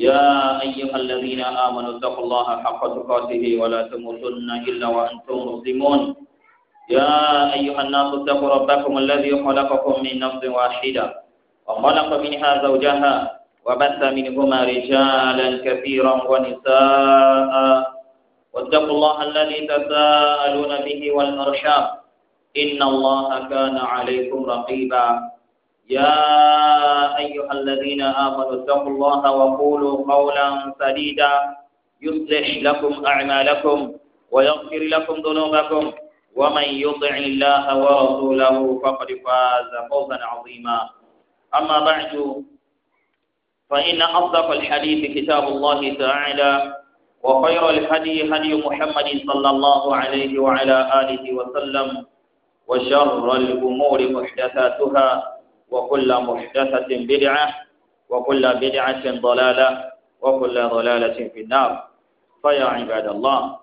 يا أيها الذين آمنوا اتقوا الله حق تقاته ولا تموتن إلا وأنتم مسلمون يا أيها الناس اتقوا ربكم الذي خلقكم من نفس واحدة وخلق منها زوجها وبث منهما رجالا كثيرا ونساء واتقوا الله الذي تساءلون به والأرشام إن الله كان عليكم رقيبا يا أيها الذين آمنوا اتقوا الله وقولوا قولا سديدا يصلح لكم أعمالكم ويغفر لكم ذنوبكم ومن يطع الله ورسوله فقد فاز فوزا عظيما أما بعد فإن أصدق الحديث كتاب الله تعالى وخير الهدي هدي محمد صلى الله عليه وعلى آله وسلم وشر الأمور محدثاتها وكل محدثة بدعة وكل بدعة ضلالة وكل ضلالة في النار فيا عباد الله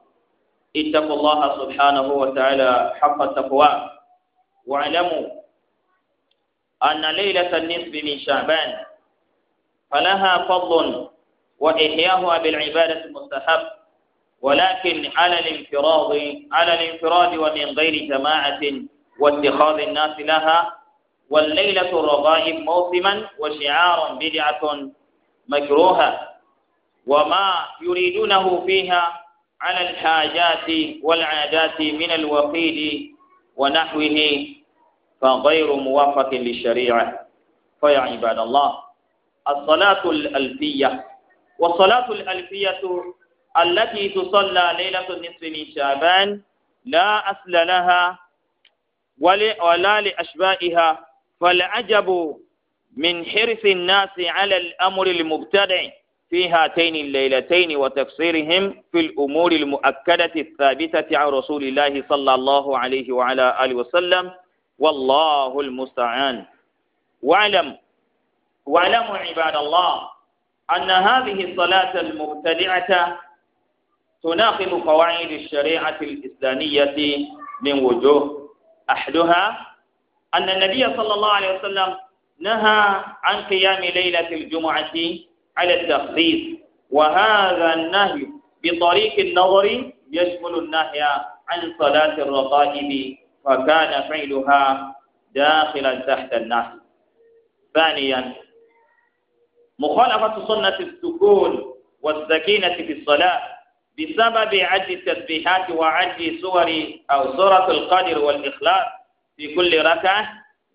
اتقوا الله سبحانه وتعالى حق التقوى واعلموا أن ليلة النصف من شعبان فلها فضل وإحياؤها بالعبادة المستحب ولكن على الانفراد على الانفراد ومن غير جماعة واتخاذ الناس لها والليلة الرغائب موسما وشعار بدعة مكروهة وما يريدونه فيها على الحاجات والعادات من الوقيد ونحوه فغير موافق للشريعة فيا عباد الله الصلاة الألفية والصلاة الألفية التي تصلى ليلة النصف من شعبان لا أصل لها ولا لأشبائها فالعجب من حرص الناس على الأمر المبتدع في هاتين الليلتين وتفسيرهم في الأمور المؤكدة الثابتة عن رسول الله صلى الله عليه وعلى آله وسلم والله المستعان واعلم واعلموا عباد الله أن هذه الصلاة المبتدعة تناقض قواعد الشريعة الإسلامية من وجوه أحدها أن النبي صلى الله عليه وسلم نهى عن قيام ليلة الجمعة على التخصيص وهذا النهي بطريق النظر يشمل النهي عن صلاة الرقائب فكان فعلها داخلا تحت النهي ثانيا مخالفة سنة السكون والسكينة في الصلاة بسبب عد التسبيحات وعد سور أو سورة القدر والإخلاص في كل ركعة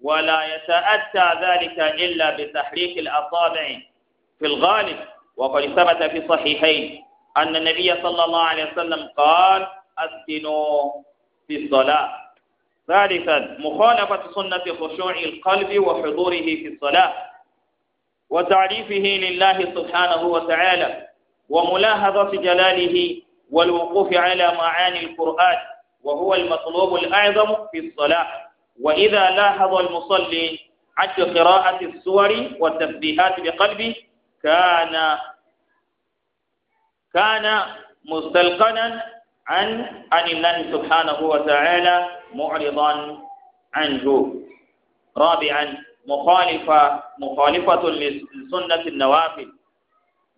ولا يتأتى ذلك إلا بتحريك الأصابع في الغالب وقد ثبت في صحيحين أن النبي صلى الله عليه وسلم قال أسكنوا في الصلاة ثالثا مخالفة سنة خشوع القلب وحضوره في الصلاة وتعريفه لله سبحانه وتعالى وملاحظة جلاله والوقوف على معاني القرآن وهو المطلوب الأعظم في الصلاة وإذا لاحظ المصلي عد قراءة السور والتسبيحات بقلبه كان كان مستلقنا عن عن الله سبحانه وتعالى معرضا عنه رابعا مخالفة مخالفة لسنة النوافل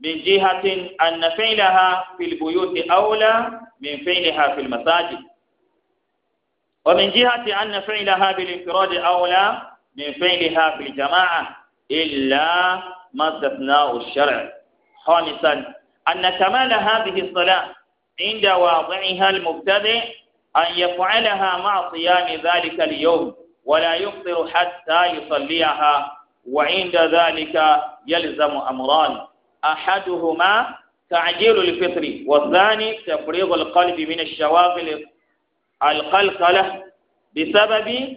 من جهة أن فعلها في البيوت أولى من فعلها في المساجد ومن جهة أن فعلها بالانفراد أولى من فعلها في الجماعة إلا ما استثناء الشرع خامسا أن كمال هذه الصلاة عند واضعها المبتدئ أن يفعلها مع صيام ذلك اليوم ولا يفطر حتى يصليها وعند ذلك يلزم أمران أحدهما تعجيل الفطر والثاني تفريغ القلب من الشواغل القلقلة بسبب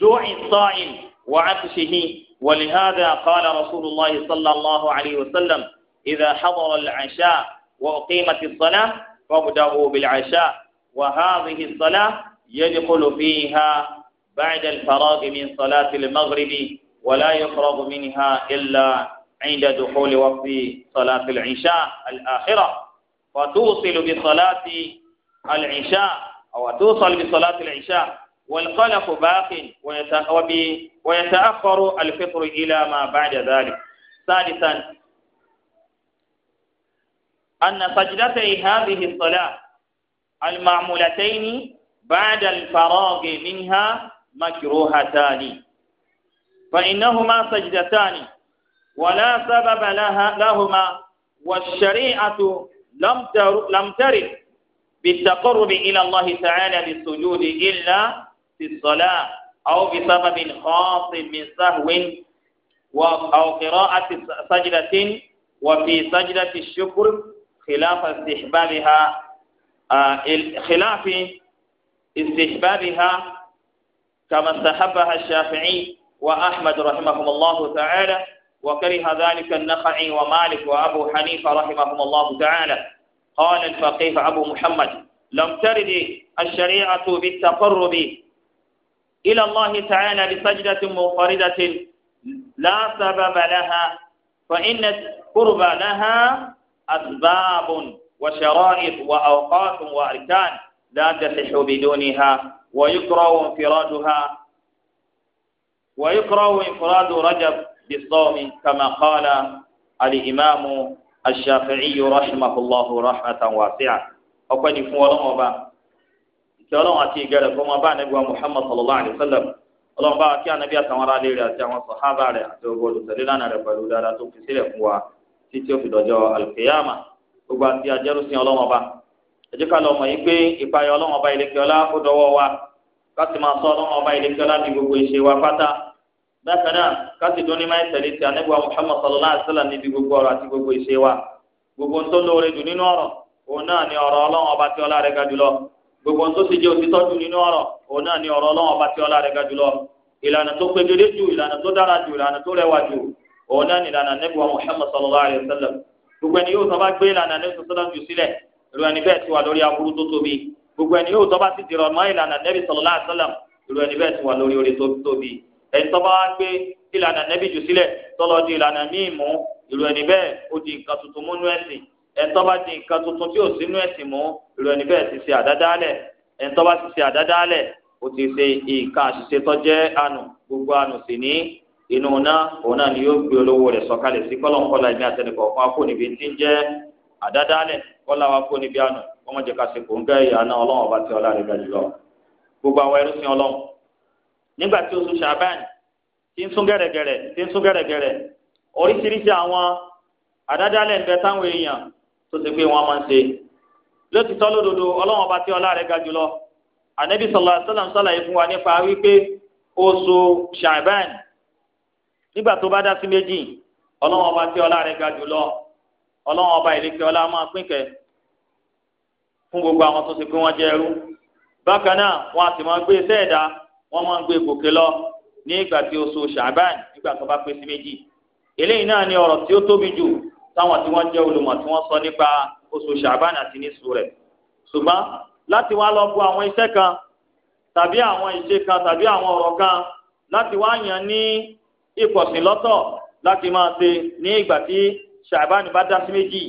جوع الصائم وعطشه ولهذا قال رسول الله صلى الله عليه وسلم إذا حضر العشاء وأقيمت الصلاة فابدأوا بالعشاء وهذه الصلاة يدخل فيها بعد الفراغ من صلاة المغرب ولا يفرغ منها إلا عند دخول وقت صلاة العشاء الآخرة فتوصل بصلاة العشاء أو توصل بصلاة العشاء والقلق باق ويتأخر الفطر إلى ما بعد ذلك ثالثا أن سجدتي هذه الصلاة المعمولتين بعد الفراغ منها مكروهتان فإنهما سجدتان ولا سبب لها لهما والشريعة لم لم ترد بالتقرب إلى الله تعالى بالسجود إلا في الصلاة أو بسبب خاص من سهو أو قراءة سجدة وفي سجدة الشكر خلاف استحبابها آه، خلاف استحبابها كما استحبها الشافعي وأحمد رحمهم الله تعالى وكره ذلك النخعي ومالك وأبو حنيفة رحمهم الله تعالى قال الفقيه أبو محمد لم ترد الشريعة بالتقرب إلى الله تعالى بسجدة منفردة لا سبب لها فإن القرب لها أسباب وشرائط وأوقات وأركان لا تصح بدونها ويكره انفرادها ويكره انفراد رجب بالصوم كما قال الإمام aṣàfihàn yìí rahimahulahu rahmatan wasi'a ọpẹ́ ni fún ọlọ́run ọba ìkẹ́ ọlọ́run àti ìgẹrẹ fún ọmọ bá anabi wa muhammad sallallahu alayhi wa sallam ọlọ́run bá kí anabi àtàwọn ará léèrè àti àwọn sàhábà rẹ̀ àti ogun olùsẹlẹ lánàá rẹ̀ pẹ̀lú dáadáa tó fi sílẹ̀ fún wa títí ó fi dọjọ́ alùpùpù gbogbo àti ajẹrùsìn ọlọ́run ọba ẹ jẹ́ yìí pé ìpayọ ọlọ́run ọba ìlẹkẹọlá ó dọwọ́ wa ká máa sọ ọlọ́run ọba ìlẹkẹọlá ní gbogbo ìṣe wa pátá bákan náà káṣí tó ní máa ń tẹ̀lé ti anábíwá Muhammad sallallahu alaihi wasallam níbi gbogbo ọ̀rọ̀ àti gbogbo ìṣe wa gbogbo ń tó lóore jù nínú ọ̀rọ̀ òun náà ni ọ̀rọ̀ ọlọ́run ọba tí ọlá rẹ̀ ga jùlọ gbogbo ń tó sì jẹ́ òtítọ́ jù nínú ọ̀rọ̀ òun náà ni ọ̀rọ̀ ọlọ́run ọba tí ọlá rẹ̀ ga jùlọ ìlànà tó pegedé jù ìlànà tó dára jù ìlànà tó rẹwà jù òun náà ni ìlànà anábíwá Muhammad sallallahu alaihi wasallam gbogbo ẹni tó bá wá gbé ìlànà nẹ́bí jù sílẹ̀ tọ́lọ́ di ìlànà míì mú ìlú ẹni bẹ́ẹ̀ ó di nǹkan tuntun mú nú ẹ̀sìn ẹni tó bá di nǹkan tuntun tí ò sí nú ẹ̀sìn mú ìlú ẹni bẹ́ẹ̀ ti ṣe àdádálẹ̀ ẹni tó bá ti ṣe àdádálẹ̀ ó ti ṣe nǹkan àṣìṣe tó jẹ́ gbogbo àánú sì ní inú náà òun náà ni yóò gbé olówó rẹ̀ sọ̀kalẹ̀ sí kọ́lọ́nkọ́lá ìmí àtẹnukọ̀ọ́kan kò níbi tí ń jẹ́ àdádálẹ̀ nígbà tí oṣù ṣàbán ti ń sún gẹ̀rẹ̀gẹ̀rẹ̀ ti ń sún gẹ̀rẹ̀gẹ̀rẹ̀ oríṣiríṣi àwọn àdádálẹ̀ ń bẹ táwọn èèyàn tó ti pé wọn máa ń ṣe lótìtọ́ lódodo ọlọ́wọ́n bá tí ọlá rẹ̀ ga jùlọ ànábì sallallahu alaihi wasallam ṣàlàyé fún wa nípa wípé oṣù ṣàbán nígbà tó bá dá sí méjì ọlọ́wọ́n bá tí ọlá rẹ̀ ga jùlọ ọlọ́wọ́n ọba ìlẹ́kẹ̀ ọlá máa pín kẹ́ fún gbogbo àwọn tó ti pé wọ́n jẹ́ ẹrú bákan náà wọn a sì máa gbé iṣẹ́ wọ́n máa ń gbé gòkè lọ ní ìgbà tí oṣù ṣàbán nígbà tó bá pé sí méjì eléyìí náà ni ọ̀rọ̀ tí ó tóbi jù táwọn tí wọ́n jẹ́ olùmọ̀ tí wọ́n sọ nípa oṣù ṣàbán àti níṣu rẹ̀ ṣùgbọ́n láti wá lọ bu àwọn iṣẹ́ kan tàbí àwọn ìṣe kan tàbí àwọn ọ̀rọ̀ kan láti wá yàn ní ìpọ̀sìn lọ́tọ̀ láti máa ṣe ní ìgbà tí ṣàbán bá dá sí méjì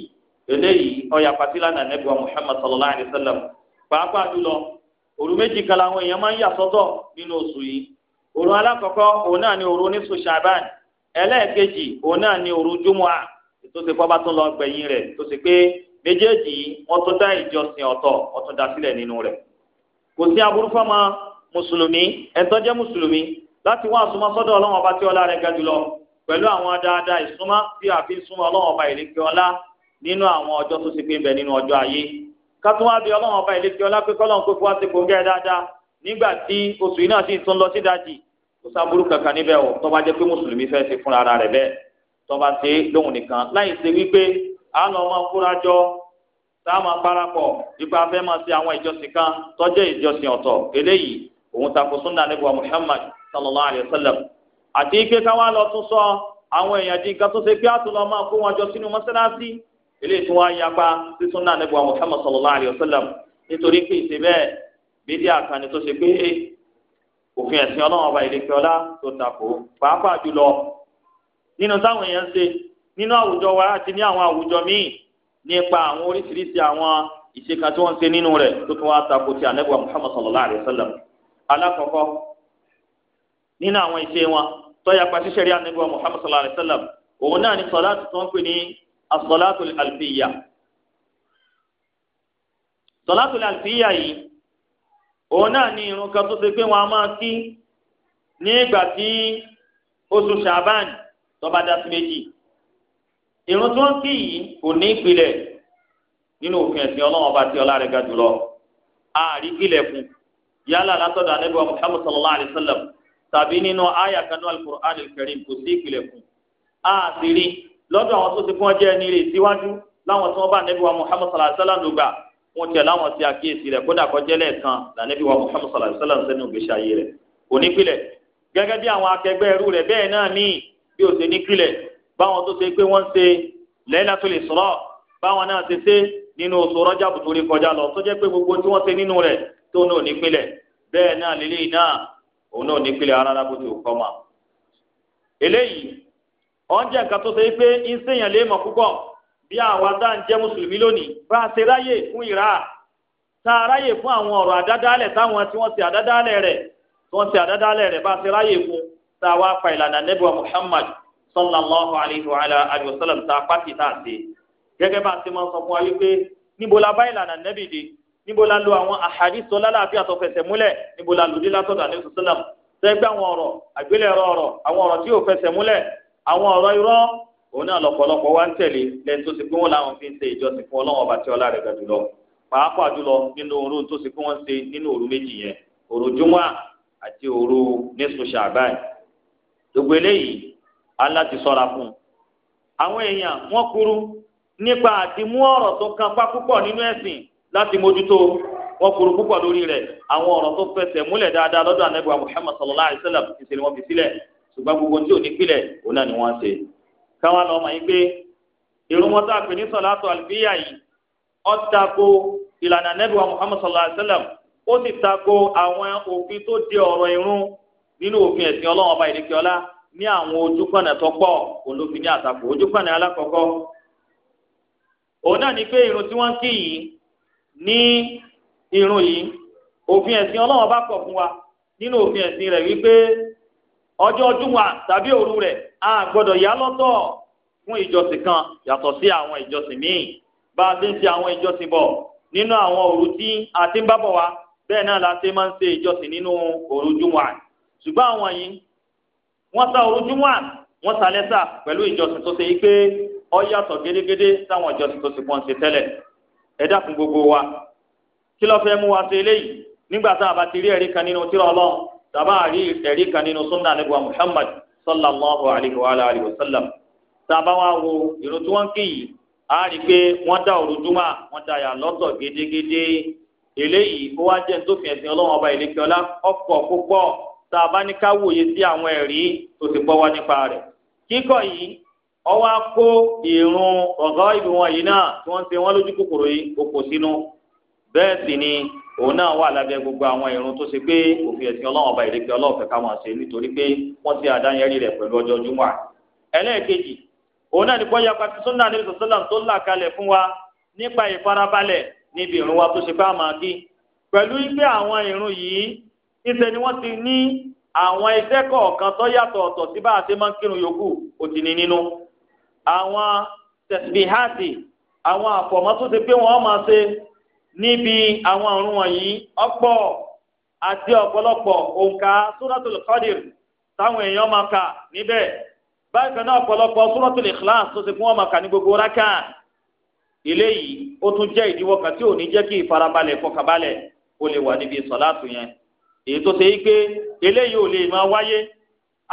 eléyìí ọ̀yà pàtílà nàìjíríà Muhammad sallallahu alayhi wa sallam pàápàá jùlọ òru méjì kan làwọn èèyàn máa ń yà sọ́tọ̀ nínú oṣù yìí òru alákọ̀ọ́kọ́ òun náà ni òru oníṣù ṣàbàn ẹlẹ́ẹ̀kejì òun náà ni òru júmọ́à tó ṣe pọ́ bá tún lọ gbẹ̀yìn rẹ̀ tó ṣe pé méjèèjì wọ́n tún dá ìjọsìn ọ̀tọ̀ wọ́n tún dá sílẹ̀ nínú rẹ̀ kò sí aburú fọ́mọ mùsùlùmí ẹ̀tọ́ jẹ́ mùsùlùmí láti wá àsomọ́ sọ́dọ̀ ọlọ́run ọba tí ọlá rẹ̀ ga jùlọ pẹ̀lú àwọn dáadáa ìsúnmọ́ tí àfi ń súnmọ́ ọlọ́run ọba ìlékè ọlá nínú àwọn ọjọ́ tó ṣe pé ń bẹ nínú ọjọ́ ayé kátó wá bí ọlọ́run ọba ìlẹ́kẹ́ ọlá pé kọ́lọ́run kó fún wa ti gbòǹgẹ́ dáadáa nígbà tí oṣù yìí náà sì tún lọ sí dájì kó sábúrú kankan níbẹ̀ o tọ́ba jẹ́ pé mùsùlùmí fẹ́ ṣe fúnra ara rẹ̀ bẹ́ẹ̀ tọ́ba ṣe lóhùn nìkan láì ṣe wípé àánú ọmọ kóra jọ táwọn apárapọ̀ ipa fẹ́ máa ṣe àwọn ìjọsìn kan tọ́jẹ́ ìjọsìn ọ̀tọ̀ eléyìí òun tako sunna nebo Muhammad sallallahu alayhi wa sallam àti ike káwá lọ tún sọ àwọn èèyàn di nǹkan tó ṣe pé àtúnlọ́ máa kó wọn jọ sínú mọ́sálásí eléyìí tí wọ́n á yapa sí súnà nígbà Muhammad sallallahu alayhi wa sallam nítorí pé ìṣe bẹ́ẹ̀ bídí àkànni tó ṣe pé eh, òfin ẹ̀sìn ọlọ́run ọba ìlẹ́kẹ́ ọlá tó tako pàápàá jùlọ nínú táwọn èèyàn ń ṣe nínú àwùjọ wa àti ní àwọn àwùjọ míì nípa àwọn oríṣiríṣi àwọn ìṣèkà tí wọ́n ń ṣe nínú rẹ̀ tó tún wá tako ti ànẹ́gbà Muhammad sallallahu alayhi wa sallam alákọ̀ọ́kọ́ nínú àwọn ìṣe wọn tọ́yà pàṣẹ sẹ́rí ànẹ́gbà Muhammad sallallahu alayhi wa sallam òun náà ni sọ̀lá tuntun pè ní asọ́látò àlùfíyà sọ́látò àlùfíyà yìí òun náà ní irun kan tó ṣe pé wọn a máa kí ní ìgbà tí oṣù ṣàbán tó bá dá sí méjì irun tó ń kí yìí kò ní ìpìlẹ̀ nínú òfin ẹ̀sìn ọlọ́run ọba tí ọlá rẹ̀ ga jùlọ ààrí kílẹ̀ fún yálà látọ̀dọ̀ ànábì wa Muhammad sallallahu alayhi wa sallam tàbí nínú àyà kanú al kò sí ìpìlẹ̀ fún ààtìrí lọ́dọ̀ àwọn tó ti fún ọjọ́ ẹni rè síwájú láwọn tí wọ́n bá nẹ́bí wa muhammad sallallahu alayhi wa sallam lùgbà wọ́n tiẹ̀ láwọn ti àkíyèsí rẹ̀ kódà kọjá lẹ́ẹ̀kan là nẹ́bí wa muhammad sallallahu alayhi wa sallam sẹ́nu ìgbésí ayé rẹ̀ onípìlẹ̀ gẹ́gẹ́ bí àwọn akẹgbẹ́ ẹrú rẹ̀ bẹ́ẹ̀ náà ní bí ó ṣe nípìlẹ̀ báwọn tó ṣe pé wọ́n ṣe Lailatul Isra báwọn náà ṣe ṣe nínú oṣù Rajab tó kọjá lọ tó jẹ́ pé gbogbo tí wọ́n ṣe nínú rẹ̀ tó náà nípìlẹ̀ bẹ́ẹ̀ náà lélẹ́yìn náà òun náà nípìlẹ̀ arára bó ti kọ́ ma. eléyìí ọ̀njẹ́ nǹkan tó ṣe pé ń sèyàn lé mọ̀ púpọ̀ bí àwa tá à ń jẹ́ mùsùlùmí lónìí bá a ṣe ráyè fún ìrà tá a ráyè fún àwọn ọ̀rọ̀ àdádálẹ̀ táwọn tí wọ́n ṣe àdádálẹ̀ rẹ̀ bá a ṣe ráyè fún ta wá pa ìlànà wa Muhammad sallallahu alayhi wa alayhi wa sallam tá a pàtì ṣe gẹ́gẹ́ bá a ṣe máa sọ fún wa wípé níbo la de níbo lo àwọn àhàdìsọ lálàáfíà tó fẹsẹ̀ múlẹ̀ níbo la látọ̀dọ̀ àdéhùn àwọn ọ̀rọ̀ ọ̀rọ̀ àwọn ọ̀rọ̀ tí àwọn ọ̀rọ̀ irọ́ òun náà lọ́pọ̀lọpọ̀ wá ń tẹ̀lé lẹ́yìn tó ti pé wọ́n láwọn fi ń ṣe ìjọsìn fún ọlọ́wọ́n ọba tí ọlá rẹ̀ gàdú lọ pàápàá jùlọ nínú òru tó ti pé wọ́n ṣe nínú òru méjì yẹn òru júmọ́ àti òru nísun ṣàbáyé gbogbo eléyìí aláti sọ́ra fún un àwọn èèyàn wọ́n kúrú nípa àti mú ọ̀rọ̀ tó kan pa púpọ̀ nínú ẹ̀sìn láti mójútó wọ́n kúrú púpọ̀ lórí rẹ̀ àwọn ọ̀rọ̀ tó fẹsẹ̀ múlẹ̀ dáadáa lọ́dọ̀ Muhammad sallallahu alayhi wa sallam ìṣẹ̀lẹ̀ wọn ṣùgbọ́n gbogbo tí ò ní pilẹ̀ òun náà ni wọ́n ṣe. káwa lọ mọ̀ yín pé irun wọn tó àpè ní sọ̀látọ̀ àlùbíyà yìí ó tako ìlànà nẹ́bí wa Muhammad sallallahu alayhi wa sallam ó sì tako àwọn òfin tó de ọ̀rọ̀ irun nínú òfin ẹ̀sìn ọlọ́run ọba ìdíkẹ́ ọlá ní àwọn ojúkọ̀nà tó pọ̀ òun ló fi ní àtakò ojúkọ̀nà alákọ̀ọ́kọ́ òun náà ni pé irun tí wọ́n ń kí yìí ní irun yìí òfin ẹ̀sìn ọlọ́run ọba kọ̀ fún wa nínú òfin ẹ̀sìn rẹ̀ wípé ọjọ́ júmọ̀ tàbí òru rẹ̀ a gbọ́dọ̀ yà lọ́tọ̀ fún ìjọsìn kan yàtọ̀ sí àwọn ìjọsìn míì bá a ti ń ṣe àwọn ìjọsìn bọ̀ nínú àwọn òru tí a ti ń bá bọ̀ wá bẹ́ẹ̀ náà la ṣe máa ń ṣe ìjọsìn nínú òru júmọ̀ ṣùgbọ́n àwọn yìí wọ́n sa òru júmọ̀ wọ́n sa lẹ́sà pẹ̀lú ìjọsìn tó ṣe yí pé ó yàtọ̀ gédégédé sáwọn ìjọsìn tó ṣe pọ̀ ń ṣe tẹ́lẹ̀ ẹ dákun gbogbo wa kí ló fẹ́ mú wa ṣe eléyìí nígbà tá a ti rí ẹ̀rí kan nínú tírà Ọlọ́run tàbá rí ẹ̀rí kan nínú sunna nígbà muhammad sallallahu alayhi wa alayhi wa sallam tàbá wa wo ìrun tí wọ́n kì í a rí i pé wọ́n dá òru júmọ́ wọ́n dá yà lọ́tọ̀ gédégédé eléyìí ó wá jẹ́ nítòfin ẹ̀sìn ọlọ́run ọba ìlẹ́kẹ́ọ́lá ọ̀pọ̀ púpọ̀ tàbá wòye sí àwọn ẹ̀rí tó ti gbọ́ wá nípa rẹ̀ kíkọ́ yìí ọwọ́ kó ìrun ọ̀gá ìlú wọn yìí náà tí wọ́n ń ṣe lójú kòkòrò yìí kò kò sínú bẹ́ẹ̀ sì ni òun náà wà lábẹ́ gbogbo àwọn ìrun tó ṣe pé òfin ẹ̀sìn ọlọ́run ọba ìrèké ọlọ́run fẹ́ ká máa ṣe nítorí pé wọ́n ti àdáyẹrí rẹ̀ pẹ̀lú ọjọ́ júmọ́ ẹlẹ́ẹ̀kejì òun náà ní bọ́yá pàtí sunna ní sọ́sọ́là tó là kalẹ̀ fún wa nípa ìfarabalẹ̀ níbi ìrun wa tó ṣe pé a máa kí pẹ̀lú pé àwọn ìrun yìí ìṣe ni wọ́n ti ní àwọn iṣẹ́ kọ̀ọ̀kan tó yàtọ̀ ọ̀tọ̀ tí a ṣe máa ń kírun yòókù ó ti ní níbi àwọn ọ̀run wọ̀nyí ọ̀pọ̀ àti ọ̀pọ̀lọpọ̀ òǹkà suratul qadir táwọn èèyàn máa kà níbẹ̀ bákan náà ọ̀pọ̀lọpọ̀ suratul ikhlas tó ti fún wọn máa kà ní gbogbo rákà eléyìí ó tún jẹ́ ìdíwọ́ kan tí ò ní jẹ́ kí ìfarabalẹ̀ fọkàbalẹ̀ ó lè wà níbi sọ̀láàtù yẹn èyí tó ṣe pé eléyìí ò lè máa wáyé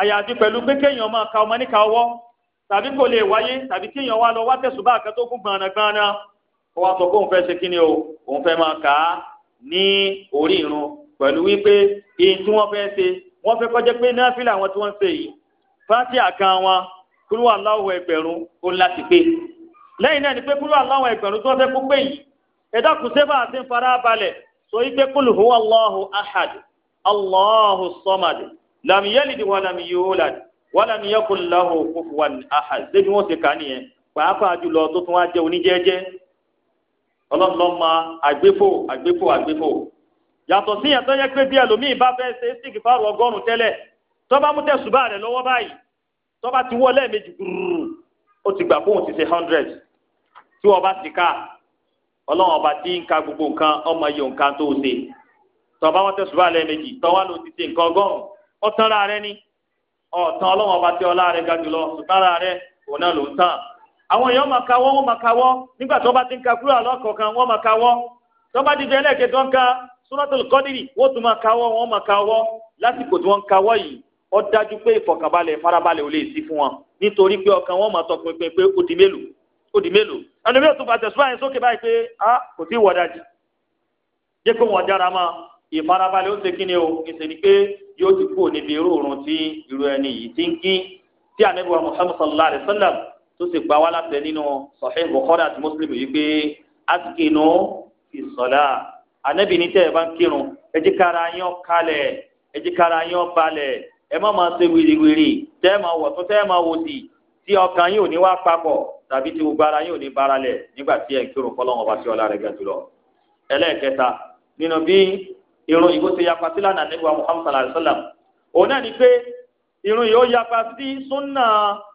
àyàfi pẹ̀lú pé kéèyàn máa ka ọmọ níka ọwọ́ tàbí kò lè wáyé tàbí kéèyàn wá lọ wá kan ó wá sọ pé òun fẹ́ ṣe kí ni o òun fẹ́ máa kà á ní orí irun pẹ̀lú wípé èyí tí wọ́n fẹ́ ṣe wọ́n fẹ́ kọjá pé náfìlà àwọn tí wọ́n ń yìí kan wọn kúrú aláwọ̀ ẹgbẹ̀rún ó láti pé lẹ́yìn náà ni pé kúrú aláwọ̀ ẹgbẹ̀rún tí wọ́n fẹ́ kó pé fara balẹ̀ sọ wípé kúlù hu ahad wọ́n ti kà nìyẹn pàápàá jùlọ tó tún wá ọlọ́run ló ma àgbéfò àgbéfò àgbéfò yàtọ̀ sí yàtọ̀ yẹ pé bí ẹlòmíì bá fẹ́ ṣe sìkì fáwọn ọgọ́rùn-ún tẹ́lẹ̀ tọ́ba mú tẹ̀sùbá rẹ̀ lọ́wọ́ báyìí tọ́ba ti wọlé méjì gbùrù ó ti gbà fóun ti ṣe hundred tí wọ́n bá ti ká ọlọ́run ọba tí ń ka gbogbo nǹkan ọmọ iye nǹkan tó ṣe tọ́ba wọn tẹ̀sùbá rẹ̀ méjì tọ́wá ló ti ṣe nǹkan ọgọ́rùn-ún ọ̀tán ni ọ̀tán ọlọ́run ọba tí ọlá rẹ ga jùlọ ṣùgbọ́n ra àwọn èèyàn máa kawọ́ wọ́n máa kawọ́ nígbà tó bá ti ń ka kúrò àlọ́kọ̀ọ̀kan wọ́n máa kawọ́ tó bá ti di ẹlẹ́ẹ̀kẹ́ tó ń ka suratul Qadiri wọ́n tún máa kawọ́ wọ́n máa kawọ́ lásìkò tí wọ́n ń kawọ́ yìí ó dájú pé ìfọ̀kànbalẹ̀ farabalẹ̀ ò lè sí fún wọn nítorí pé ọkàn wọn máa tọpinpin pé ó di mélòó ó mélòó ẹlòmí ò tún bá tẹ̀síwá yẹn sókè báyìí pé a kò tí ì wọ̀ dájú jẹ́ pé wọ́n dára máa ìfarabalẹ̀ ó ṣe kí ni o ìṣèlú pé yóò ti kú níbi irú òrùn tí irú ẹni yìí ti ń kí tí ànábì wa sallallahu alayhi wa sallam tó sì gbà wá láti nínú Sahih Bukhari àti Muslim yìí pé askinu fi sọlá anabi ní tẹ́ ẹ bá ń kírun ẹ jẹ́ kára yín ó kalẹ̀ ẹ jẹ́ kára yín ó balẹ̀ ẹ má máa ṣe wìrìwìrì tẹ́ ẹ máa wọ̀ tó tẹ́ ẹ máa wò sí tí ọkàn yín ò ní wá papọ̀ tàbí tí gbogbo ara yín ò ní bára lẹ̀ nígbà tí ẹ ń kírun fọlọ́wọ́n bá sí ọlá rẹ̀ gẹ̀ jùlọ. ẹlẹ́ẹ̀kẹta nínú bí irun ìgò ṣe yapa sí lánàá nígbà Muhammad sallallahu alayhi wa sallam òun náà ni pé irun yìí ó yapa sí sunnah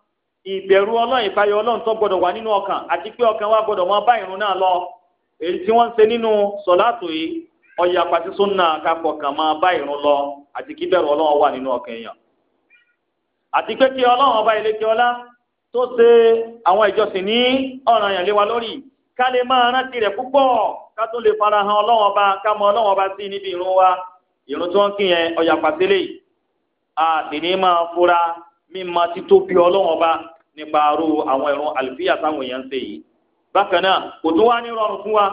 ìbẹ̀rù ọlọ́run ìpayọ̀ ọlọ́run tó gbọdọ̀ wà nínú ọkàn àti pé ọkàn wa gbọdọ̀ máa bá ìrun náà lọ èyí tí wọ́n ń ṣe nínú sọ̀láàtò yìí ọ̀yà pàṣẹ sọ́nà kápọ̀ kan máa bá ìrun lọ àti kí bẹ̀rù ọlọ́run wà nínú ọkàn èèyàn àti pé kí ọlọ́run ọba ìlẹ́kẹ́ ọlá tó ṣe àwọn ìjọsìn ní ọ̀ràn àyàn wa lórí ká lè máa rántí rẹ̀ púpọ̀ ká tó lè farahàn ọba fura ọlọ́run ọba nípa aró àwọn ẹ̀rùn àlùfíà táwọn èèyàn ń ṣe yìí bákan náà kò tó wá ní rọrùn fún wa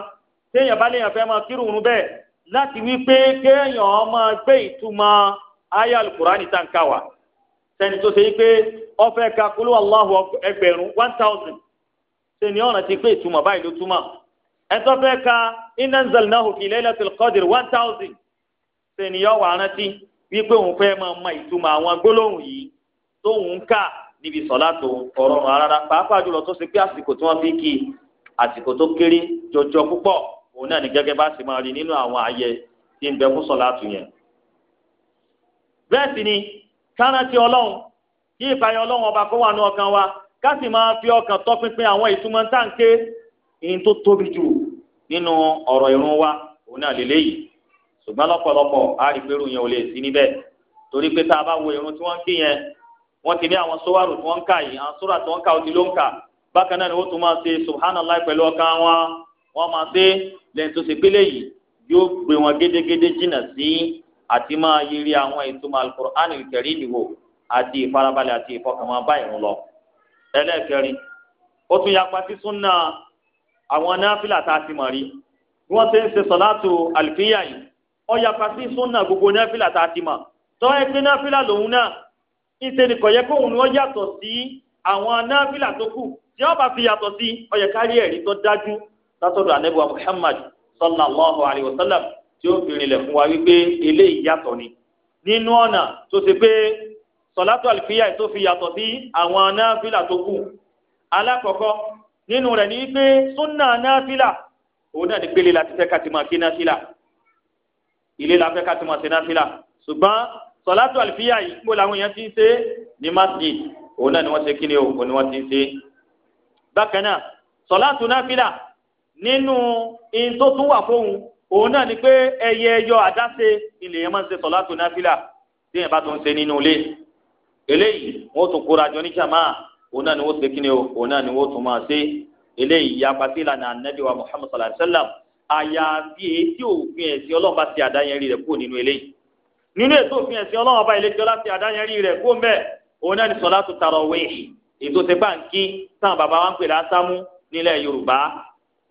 téèyàn bá léèyàn fẹ́ máa kírun bẹ́ẹ̀ láti wí pé kéèyàn máa gbé ìtumọ̀ ayé alukurani tá n wa sẹ́ni tó ṣe pé ó fẹ́ ka kúlú ẹgbẹ̀rún one thousand sẹ́ni ọ̀nà ti pé ìtumọ̀ báyìí ló túmọ̀ ẹ̀tọ́ fẹ́ ka inna anzalnahu fi laylatil qadr one thousand sẹ́ni yọ wà rántí wípé òun fẹ́ máa ma ìtumọ̀ àwọn gbólóhùn yìí tóun ká níbi sọlá tó ọ̀rọ̀ rárá pàápàá jùlọ tó ṣe pé àsìkò tí wọ́n fi kí àsìkò tó kéré jọjọ púpọ̀ òun náà ní gẹ́gẹ́ bá ṣe máa rí nínú àwọn àyè tí ń bẹ fún sọlá tó yẹn. bẹ́ẹ̀ sì ni káràntì ọlọ́run kí ìpayọ ọlọ́run ọba kó wà ní ọkàn wa ká sì máa fi ọkàn tọpinpin àwọn ìtumọ̀ táǹkè ìyìn tó tóbi jù nínú ọ̀rọ̀ ìrun wa òun náà lè léyìí ṣùgbọ́n lọ́pọ̀lọpọ̀ á yẹn ò lè sí níbẹ̀ torí pé tá a bá wo irun tí wọ́n ń kí yẹn wọ́n ti ní àwọn sówárò tí wọ́n ń kà yìí àwọn sóra tí wọ́n ń kà ó ti ló ń kà bákan náà ni wọ́n tún máa ṣe subhanallah pẹ̀lú ọkàn wọn wọ́n máa ṣe lẹ́yìn tó ṣe pélé yìí yóò gbé wọn gédégédé jìnnà sí àti máa yiri àwọn ìtumọ̀ alukur'an ìkẹrí nìwò àti ìfarabalẹ̀ àti ìfọkànmọ́ báyìí ń lọ. ẹlẹ́ẹ̀kẹrin ó tún yapa sí súnà àwọn náfìlà tá a ti mọ̀ rí bí wọ́n ṣe ń ṣe sọ̀láàtù àlùfíà yìí ó yapa sí súnà gbogbo náfìlà tá a ti mọ̀ tọ́ ẹgbẹ́ náfìlà lòun náà ìṣe ni kò yẹ kóun ni wọ́n yàtọ̀ sí àwọn náfìlà tó kù tí wọ́n bá fi yàtọ̀ sí ó yẹ kárí ẹ̀rí tó dájú látọ̀dọ̀ ànábìwá Muhammad sallallahu alayhi wa sallam tí ó fi rinlẹ̀ fún wa wípé eléyìí yàtọ̀ ni nínú ọ̀nà tó ṣe pé sọ̀látọ̀ àlùfíà tó fi yàtọ̀ sí àwọn náfìlà tó kù alákọ̀ọ́kọ́ nínú rẹ̀ ni wípé súnà náfìlà òun náà ni pélé la ti fẹ́ ká ti máa kí náfìlà ilé la fẹ́ máa ṣe náfìlà ṣùgbọ́n sọlátù àlùfíà yìí kó làwọn èèyàn ti ń ṣe ní masjid òun náà ni wọ́n ṣe kíni o òun ni wọ́n ti ń ṣe. bákan náà sọlátù náfìlà nínú ihun tó tún wà fóun òun náà ni pé ẹyẹ ẹyọ àdáṣe ilẹ̀ yẹn máa ń ṣe sọlátù náfìlà tí èèyàn bá tún ṣe nínú ilé eléyìí wọ́n tún kóra jọ ní jàmá òun náà ni wọ́n ṣe kíni o òun náà ni wọ́n tún máa ṣe eléyìí yapa sí ìlànà anabi wa muhammad sallallahu alayhi wa sallam àyàfi èyí tí òfin ẹ̀sìn ọlọ́run bá ti àdáyẹnrí rẹ̀ nínú ètò òfin ẹ̀sìn ọlọ́run ọba ìlẹ́jọ́ láti àdáyẹrí rẹ̀ kó mbẹ́ òun náà ní sọ̀látù tarawih ètò ti báǹkì táwọn bàbá wa ń pè lásámú nílẹ̀ yorùbá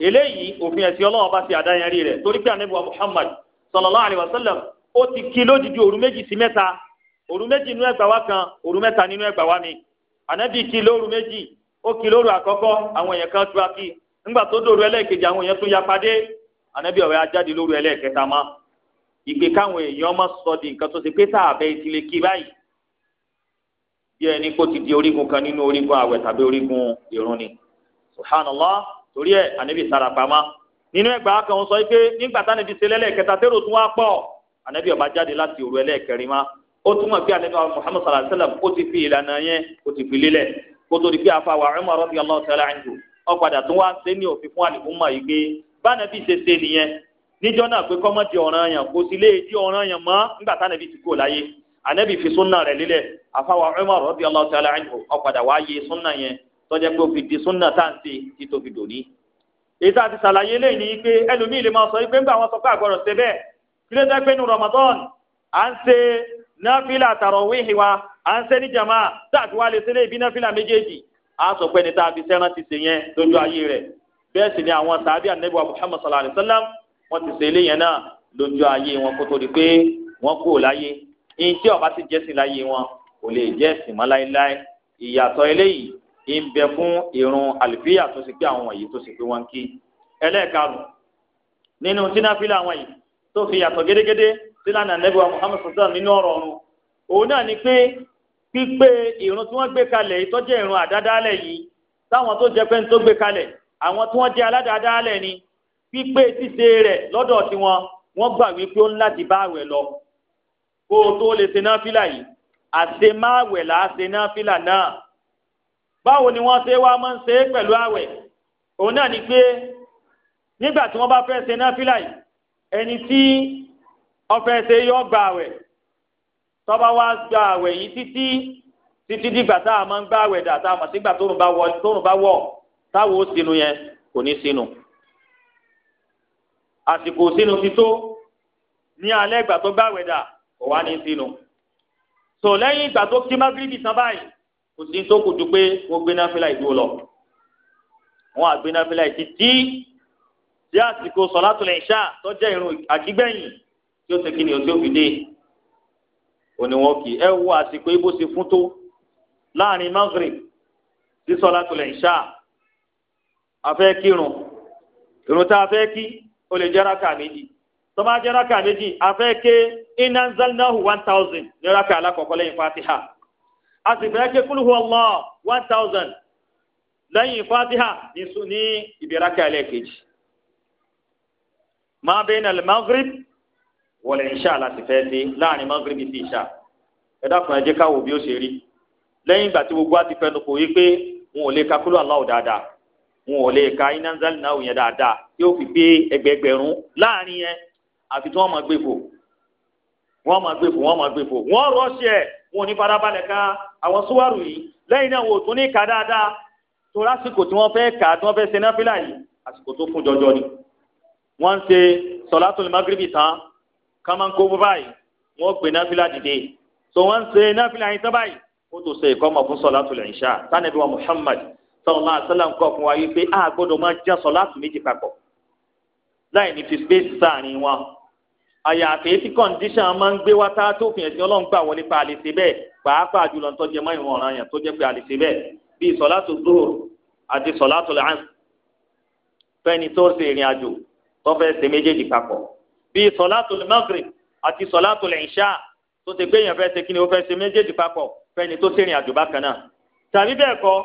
eléyìí òfin ẹ̀sìn ọlọ́run ọba ti àdáyẹrí rẹ̀ torí pé ànábì wa muhammad sallallahu alaihi wasallam ó ti kí lódìdí òru méjì sí mẹ́ta òru méjì nínú ẹgbàá wa kan òru mẹ́ta nínú ẹgbàá wa mi ànábì kí lóru méjì ó kí lóru àkọ́kọ́ àwọn èèyàn kan tura kí nígbà tó ìgbé káwọn èèyàn má sọ di nǹkan tó ṣe pé sáàbẹ ìtìlẹ kí báyìí bí ẹni kó ti di orígun kan nínú orígun àwẹ̀ tàbí orígun ìrun ni subhanallah torí ẹ ànábì sarapama nínú ẹgbàá kan sọ pé nígbà tánàbì ṣe lẹ́lẹ́kẹta tẹ́rò tún wá pọ̀ ànábì ọba jáde láti òru ẹlẹ́ẹ̀kẹrin má ó túmọ̀ pé ànábì muhammad sallallahu alayhi wa sallam ó ti fi ìlànà yẹn ó ti fi lélẹ̀ kó tó di pé afa wa Umar radiyallahu ta'ala anhu ó padà tún wá ṣe ní òfin fún àlùkùn mọ̀ yìí pé bánàbì ṣe ṣe nìyẹn níjọ́ náà pé kọ́mọ́ di ọ̀ràn yàn kò sí lè di ọ̀ràn yàn mọ́ nígbà tá ànábì ti fi súnà rẹ̀ lílẹ̀ Umar radiyallahu ta'ala anhu ọ̀padà wá yé súnà yẹn tọ́jà pé ó fi súnà tá à ń ṣe tí tó dòní. èyí tá a ti ṣàlàyé lẹ́yìn ni pé ẹlòmíì lè máa sọ pé wọn Ramadan à ń ṣe náfìlà wa jama wa à ń a fi sẹ́rántí yẹn lójú ayé wọ́n ti ṣe eléyẹn náà lójú ayé wọn kó tó di pé wọ́n kúrò láyé ìyìn tí ọba ti jẹ́sìn láyé wọn kò lè jẹ́sìn mọ́ láéláé ìyàtọ̀ eléyìí ń bẹ fún ìrun àlùfíà tó ṣe pé àwọn wọ̀nyí tó ṣe pé wọ́n kí ẹlẹ́ẹ̀karùn nínú tínáfílà àwọn yìí tó fi yàtọ̀ gédégédé sílànà nẹ́bíwá Muhammad sọ̀tàn nínú ọ̀rọ̀ ọ̀run òun náà ni pé pípé ìrun tí wọ́n gbé kalẹ̀ ìtọ́jẹ́ ìrun àdádálẹ̀ yìí táwọn tó jẹ́ pé ń tó gbé kalẹ̀ àwọn tí wọ́n jẹ́ aládàádálẹ̀ ni pípé ṣíṣe rẹ̀ lọ́dọ̀ tiwọn wọ́n gbà wípé ó ń láti bá àwẹ̀ lọ kó o tó lè ṣe náfìlà yìí àṣe máàwẹ̀ là á ṣe náfìlà náà báwo ni wọ́n ṣe wá máa ń ṣe é pẹ̀lú àwẹ̀ òun náà ni pé nígbà tí wọ́n bá fẹ́ ṣe náfìlà yìí ẹni tí ọfẹ́ ṣe yọ gba àwẹ̀ tọ́ba wá gba àwẹ̀ yìí títí títí dìgbà tá máa ń gba àwẹ̀ dà tá a sígbà tóun bá wọ̀ táwo sínú yẹn kò ní sínú àsìkò sínú ti tó ní alẹ́ ìgbà tó gbàwẹ̀ dà kò wá ní sínú so lẹ́yìn ìgbà tó kí magrebi tán báyìí kò sí tó kù ju pé wọ́n gbé náfìlà ìdúró lọ wọ́n á gbé náfìlà ìdí tí tí àsìkò sọ̀látù ìṣá tó jẹ́ irun àkígbẹ̀yìn tí ó ti kí ni òtí òfin dé òní wọn kì í ẹ wo àsìkò ibo ṣe fún tó láàrin maghrib sí sọ̀látù ìṣá afẹ́ kírun irun tá a fẹ́ kí ó lè jẹ́ rákà méjì tó bá jẹ́ rákà méjì afẹ́ ké iná zalinahu one thousand ní rákà alákọ̀ọ́kọ́ lẹ́yìn fatiha a sì fẹ́ ké kúlùhù Allah one thousand lẹ́yìn fatiha ní ibi rákà ẹlẹ́ẹ̀kejì ma bẹ́ẹ̀ nàlẹ́ maghrib wọlé ìṣá láti fẹ́ dé láàrin maghrib sí ìṣá ẹ dákun ẹ ká wò bí ó ṣe rí lẹ́yìn ìgbà gbogbo á ti yí pé wọn ò lè kakúlù Allah dáadáa wọn ò lè ka iná nzali náà yẹn dáadáa yóò fi gbé ẹgbẹgbẹ̀rún láàrin yẹn àfi tí wọ́n máa gbé fò wọ́n máa gbé fò wọ́n máa gbé fò wọ́n rọ́ọ̀ṣì ẹ̀ wọn ò ní farabalẹ̀ ka àwọn súwárù yìí lẹ́yìn náà wò tún ní ka dáadáa tó lásìkò tí wọ́n fẹ́ kà tí wọ́n fẹ́ ṣe náfìlà yìí àsìkò tó fún jọjọ ni wọ́n ń ṣe sọ̀látùl magribi tán kámánkó bó báyìí wọ́n gbé náfìlà dìde so wọ́n ń ṣe náfìlà yìí tán báyìí ó tó ṣe ìkọ́mọ̀ fún sọ̀látùl ìṣà tánàbí wa Muhammad sallallahu alaihi wasallam ń kọ́ fún wa yìí pé a gbọ́dọ̀ máa já sọ̀láàtù méjì papọ̀ láì ní fi space sáàrin wọn àyàfi tí kọ́ndíṣàn máa ń gbé wá tá tó fi ẹ̀sìn ọlọ́run gbà wọlé pa àlè ṣe bẹ́ẹ̀ pàápàá jùlọ tó jẹ mọ́ ìwọ̀n ọ̀ràn yẹn tó jẹ́ pé àlè ṣe bẹ́ẹ̀ bíi sọ̀láàtù zuhur àti sọ̀láàtù làǹs fẹ́ni tó ṣe ìrìn àjò tó fẹ́ ṣe méjèèjì papọ̀ bíi sọ̀láàtù maghrib àti sọ̀láàtù ìṣá tó ti gbé yẹn fẹ́ ṣe kí ni ó fẹ́ ṣe méjèèjì papọ̀ fẹ́ni tó ṣèrìn àjò bákan náà tàbí bẹ́ẹ̀ kọ́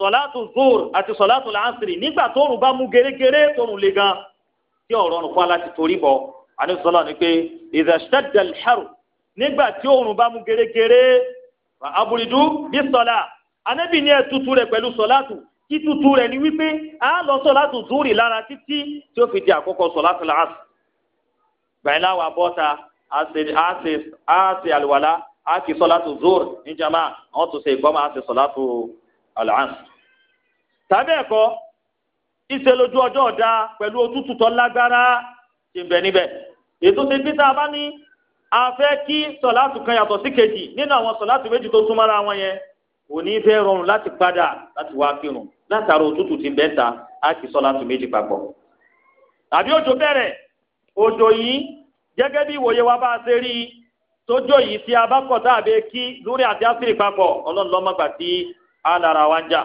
sọ̀látù zuhur àti sọ̀látù làásìrì nígbà tóorùn bá mú gẹ́rẹ́gẹ́rẹ́ tóorùn le gan tí ọ̀rọ̀ ọ̀rùn kwara ti torí bọ̀ àní sọlá ni pé idha shadda al-harr nígbà tí oòrùn bá mú gẹ́rẹ́gẹ́rẹ́ aburidu bí sọlá anábì ní ẹ̀tutù rẹ̀ pẹ̀lú sọlátù títutù rẹ̀ ni wípé a lọ sọlátù zúrì lára títí tí ó fi di àkọ́kọ́ sọlátù làásì gbàyìnlá wa bọ́ta a àlùwàlá a kì sọlátù zúrì ní jama ṣe ìgbọ́mọ a ṣe àlàáfù tàbí ẹ̀kọ́ ìṣe lójú ọjọ́ ọ̀dá pẹ̀lú òtútù tó lágbára ti ń bẹ níbẹ̀ ètò ti bí tá a bá ní a fẹ́ kí sọ̀láàtù kan yàtọ̀ sí kejì nínú àwọn sọ̀láàtù méjì tó súnmọ́ra wọn yẹn kò ní fẹ́ rọrùn láti padà láti wá kírun látara òtútù ti ń bẹ ta á kì sọ̀láàtù méjì papọ̀ tàbí òjò bẹ̀rẹ̀ òjò yìí gẹ́gẹ́ bí ìwòye wa bá a ṣe rí i yìí tí a bá kọ̀ tá a bẹ kí lórí àti àṣírí papọ̀ ọlọ́run lọ́mọgbà á lára wa ń jà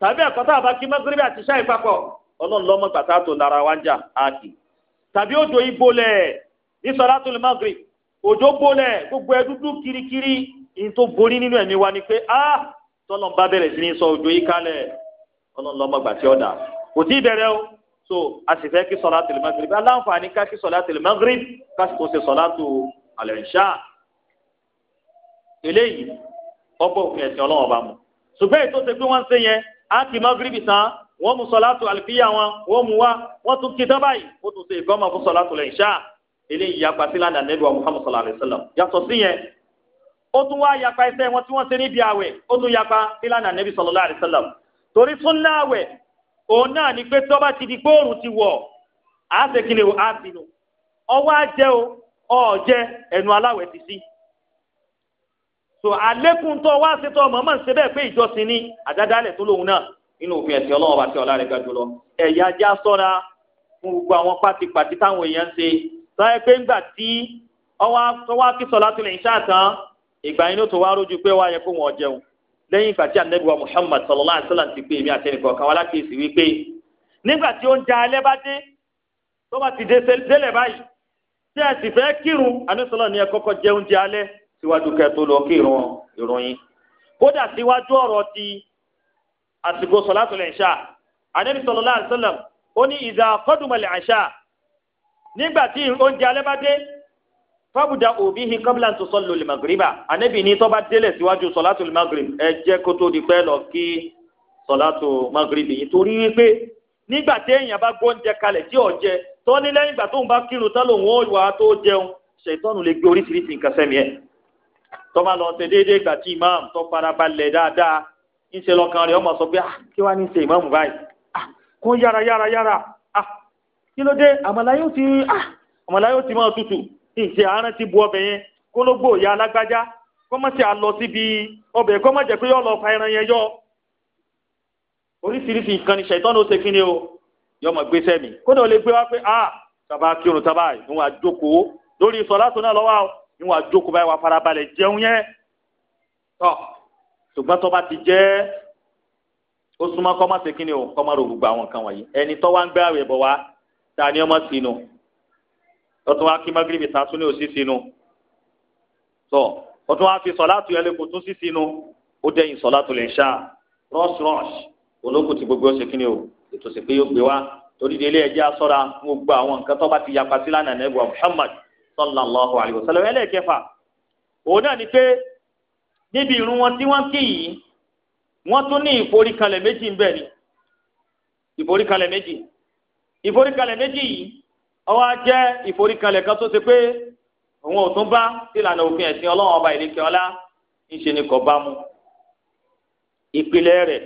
tàbí àkọ́tà àbá kí mọ́gíríbì àti ṣáì papọ̀ ọlọ́run lọ́mọ gbàtà tó lára wa ń jà á kì í tàbí òjò ìbolẹ̀ ní sọ́látùl magrib òjò bolẹ̀ gbogbo ẹ kirikiri ní borí nínú ẹ̀mí wa ni pé á ah! tọ́lọ́n bá bẹ̀rẹ̀ sí ní sọ òjò yìí kalẹ̀ ọlọ́run lọ́mọ gbàtì ọ̀dà kò tí ì bẹ̀rẹ̀ o so a sì fẹ́ kí sọ́látùl magrib aláǹfààní ká kí sọ́látùl magrib ká sì kó ṣe sọ́látù al-isha eléyìí ọgbọ́n òfin ẹ̀sìn ọlọ́run ọba mu ṣùgbọ́n ètò ṣe pé wọ́n ń ṣe yẹn á ti mọ́gìrìbì tán wọ́n mú sọ́látù àlùfíà wọn wọ́n mú wá wọ́n tún kí tán báyìí ó tún ṣe ìkọ́mọ̀ fún sọ́látù lẹ̀ ṣáà eléyìí yapa sí lánàá nẹ́bí wa muhammad sallallahu alayhi wa yàtọ̀ sí yẹn ó tún wá yapa iṣẹ́ wọn tí wọ́n ṣe níbi àwẹ̀ ó tún yapa sí lánàá nẹ́bí sallallahu alayhi wa sallam torí sunna àwẹ̀ òun náà ni pé tọ́ba ti di gbóòrùn ti wọ̀ á ṣe kí ni o á bínú ọwọ́ á jẹ́ o ọ̀ọ́jẹ́ ẹnu aláwẹ̀ ti sí so àlékún tó wá sí tó mọ̀mọ́ ṣe bẹ́ẹ̀ pé ìjọsìn ni àdádálẹ̀ tó lóhun náà nínú òfin ẹ̀sìn ọlọ́run bá ti ọ̀la rẹ̀ ga jùlọ ẹ̀yà ajá sọ́ra fún gbogbo àwọn pátipàti táwọn èèyàn ṣe sáré pé ńgbà tí ọwọ́ kí sọ̀látul ìṣá tán ìgbà yín tó wá rójú pé wáyé kó wọn jẹun lẹ́yìn ìgbà tí Ànábì wa Muhammad sallallahu alaihi wasallam ti pé èmi àtẹnìkọ̀ kan wá lákèésí wípé nígbà tí ó ń ja alẹ́ bá dé tó bá ti délẹ̀ síwájú kẹ́ tó lọ kí ìrun ìròyìn kódà síwájú ọ̀rọ̀ ti àsìkò sọ̀látùl ìṣà ànábì sallallahu alaihi wasallam ó ní ìdá kọ́dùmọ̀lẹ̀ àṣà nígbà tí oúnjẹ alẹ́ bá dé fábùdà òbí hin qabla tó sọ lòlì màgìrìbà ànábì ní tó bá délẹ̀ síwájú sọ̀látùl màgìrìb ẹ jẹ́ kó tó di pẹ́ lọ kí sọ̀látù màgìrìb yìí torí wípé nígbà tí èèyàn bá gbóúnjẹ kalẹ̀ tí ò jẹ tó ní lẹ́yìn ìgbà tóun bá kírun tán lòun ó wà tó jẹun ṣètọ́nù lè gbé oríṣiríṣi nǹkan sẹ́mi ẹ̀ tọ́ba lọ ṣe déédéé ìgbà tí imam tó fara balẹ̀ dáadáa ńṣe lọ́kàn rẹ̀ ọmọ sọ pé ah kí wàá ní ṣe imam báyìí ah kó yára yára yára ah kí ló dé àmàlà yóò ti ah àmàlà yóò ti máa tutù ǹṣe àárẹ̀ ti bu ọbẹ̀ yẹn kó ló gbòòyà alágbájá kó má ṣe àlọ síbi ọbẹ̀ kó má jẹ́ pé yóò lọ fa ẹran yẹn yọ oríṣiríṣi ìkànnì ṣàìtọ́nù ó ṣe kí ni o yọmọ gbé sẹ́mi kó ní o lè gbé wá pé ah tàbá kírun tàbá ìwọ̀n àjókòó lórí sọ látọ̀ náà lọ́wọ́ níwọ̀n àjókòó báyìí wà farabalẹ̀ jẹun yẹn tọ́ ṣùgbọ́n tó bá ti jẹ́ ó súnmọ́ kọ́ ṣe kí ni o kọ́ má ro gbogbo àwọn nǹkan wọ̀nyí ẹni tó wá ń gbé àwẹ̀ bọ̀ wá ta ni ọmọ sínú ọtún wá kí magrebi ta tún ní òsì sínú tọ́ ọtún wá fi sọ̀látù yẹn lè kó tún sí sínú ó dẹ́yìn sọ̀látù lè ṣá rush rush olókùn ti gbogbo ṣe kí ni o ètò ìsìnkú yóò gbé wá torí ilé ẹjẹ́ asọ́ra gbogbo àwọn nǹkan tó bá ti yapa sí lánàá nẹ́gbà Muhammad sallallahu alaihi wasallam ẹlẹ́ẹ̀kẹfà òun náà ni pé níbi ìrun wọn tí wọ́n kí yìí wọ́n tún ní ìforíkalẹ̀ méjì ń ni ìforíkalẹ̀ méjì ìforíkalẹ̀ méjì yìí jẹ́ ìforíkalẹ̀ kan tó ṣe pé òun ò tún bá ìlànà òfin ẹ̀sìn ọba ọlá ni kò bá mu ìpìlẹ̀ rẹ̀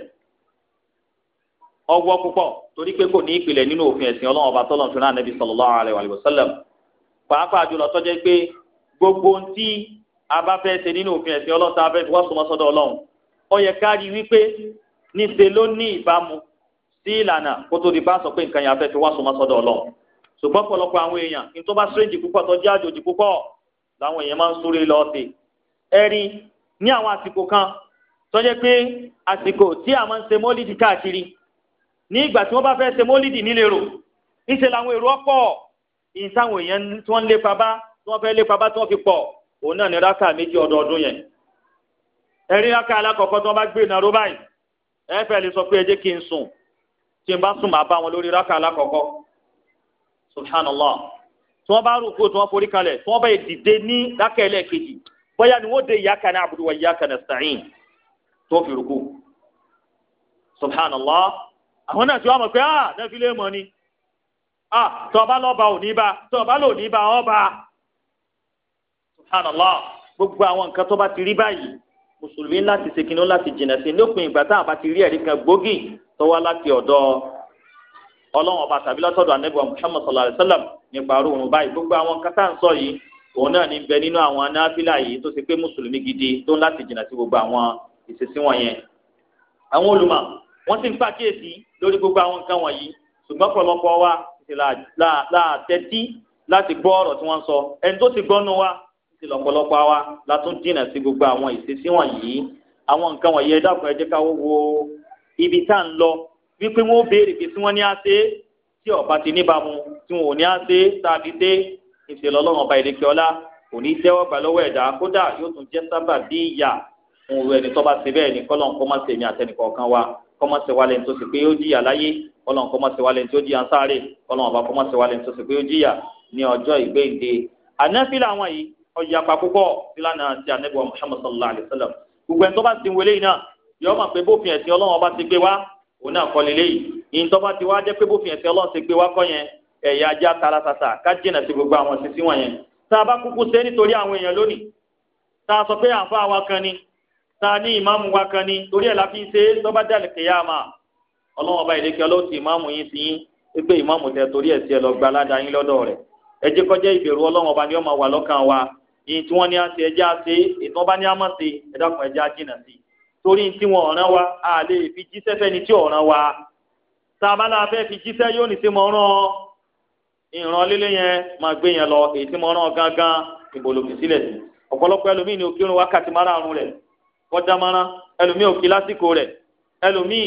ní òfin ẹ̀sìn ọba tọ́lọ̀ pàápàá jùlọ tọ́jẹ́ pé gbogbo ohun tí a bá fẹ́ nínú òfin ẹ̀sìn ọlọ́ta abẹ́ tó wá sọmọsọdọ̀ ọlọ́run ó yẹ ká rí wípé níṣe ló ní ìbámu sí ìlànà kó tó di bá sọ pé nǹkan yẹn afẹ́ fi wá àwọn làwọn èèyàn máa ń súré lọ sí kan pé àsìkò tí a máa ń ṣe mólídì káàkiri ní ìgbà tí bá ṣe mólídì yìí táwọn èèyàn tí wọ́n lépa bá tí wọ́n fẹ́ lépa bá tí wọ́n fi pọ̀ òun náà ní rákà méjì ọdọọdún yẹn ẹ̀rí rákà alákọ̀ọ́kọ́ tí wọ́n bá gbé ìnáró báyìí ẹ fẹ́ lè sọ pé ẹ jẹ́ kí n sùn tí n bá sùn máa bá wọn lórí rákà alákọ̀ọ́kọ́ subhanallah tí wọ́n bá rúkú tí wọ́n forí kalẹ̀ tí wọ́n bá dìde ní rákà ẹlẹ́ẹ̀kejì bóyá ni wọ́n de iyyaka na'budu wa iyyaka nasta'in ah tọba lọba ò ní ba tọba lò ní ba ọba subhanallah gbogbo àwọn nǹkan tó bá ti rí báyìí mùsùlùmí láti ṣe kinní láti jìnnà sí lópin ìgbà tá a bá ti rí ẹ̀rí kan gbòógì tó wá láti ọ̀dọ̀ ọlọ́run ọba tàbí látọ̀dọ̀ anábìwá muhammad sallallahu alayhi wa sallam nípa arúgbó báyìí gbogbo àwọn nǹkan tá à ń sọ yìí òun náà ní bẹ nínú àwọn anáfílà yìí tó ṣe pé mùsùlùmí gidi tó ń láti jìnnà sí gbogbo àwọn ìṣesí wọn yẹn àwọn olùmọ̀ wọ́n sì ń pàkíyèsí lórí gbogbo àwọn nǹkan wọ̀nyí ṣùgbọ́n pọ̀lọpọ̀ wa sí láàtẹ́tí láti gbọ́ ọ̀rọ̀ tí wọ́n sọ ẹni tó ti gbọ́nu wa ti lọ́pọ̀lọpọ̀ wa la tún dínà sí gbogbo àwọn ìṣesí wọ̀nyí àwọn nǹkan wọ̀nyí ẹ dákun ẹ jẹ́ ká wo ibi tá à ń lọ wípé wọn ó béèrè pé tí wọ́n ní á ṣe é tí ọba ti níbàámu tí wọn ò ní á ṣe é tá a fi dé ìṣèlú ọlọ́run ọba ìlẹ́kẹ́ ọlá kò ní jẹ́wọ́ gbà lọ́wọ́ ẹ̀dá kódà yóò tún jẹ́ sábà bí ìyà òun ẹni tó bá ṣe bẹ́ẹ̀ ní kọ́lọ́n kó má ṣe àtẹnìkọ̀ọ̀kan wa kọ́mọ ṣe wálé tó ṣe pé yóò jìyà láyé ọlọ́run kọ́mọ ṣe wálé tó jìyà sáré ọlọ́run ọba kọ́mọ ṣe wálé tó ṣe pé yóò jìyà ní ọjọ́ ìgbéǹde. ànáfíà àwọn yìí ọjà pa púpọ̀ sílànà àti ànábì sallallahu alayhi wa sallam gbogbo ẹni tó bá ti wọlé yìí náà yọ ọmọ pé bófin ẹ̀sìn ọlọ́run ọba ti gbé wá òun náà kọ́ lélẹ́ yìí ìyìn tó bá ti wá jẹ́ pé bófin ẹ̀sìn ọlọ́run ti gbé wá kọ́ yẹn ẹ̀yà ajá tara tata ká jìnà sí gbogbo àwọn sísí wọ̀nyẹn tá a bá kúkú ṣe nítorí àwọn èèyàn lónìí tá a sọ pé àǹfà wa kan ni tá a ní ìmáàmù wa torí ẹ la fi ṣe é tó bá dàlẹ́ kéyàmà ọlọrun ọba ìdíkẹ́ ọlọ́tì ìmáàmù yín sí yín pé ìmáàmù tẹ torí ẹ lọ gba yín ẹ ọba ni ó wà wa yìí tí wọ́n ní àṣẹ ẹjẹ́ àṣẹ ìtàn bá ní àmọ́ ṣe ẹ dákun àjìnà sí torí tí wọn wa a lè fi jíṣẹ́ wa tá a bá náà fi yẹn máa gbé yẹn lọ èyí tí gangan kọjámọ́rán ẹlòmíì ò kí lásìkò rẹ̀ ẹlòmíì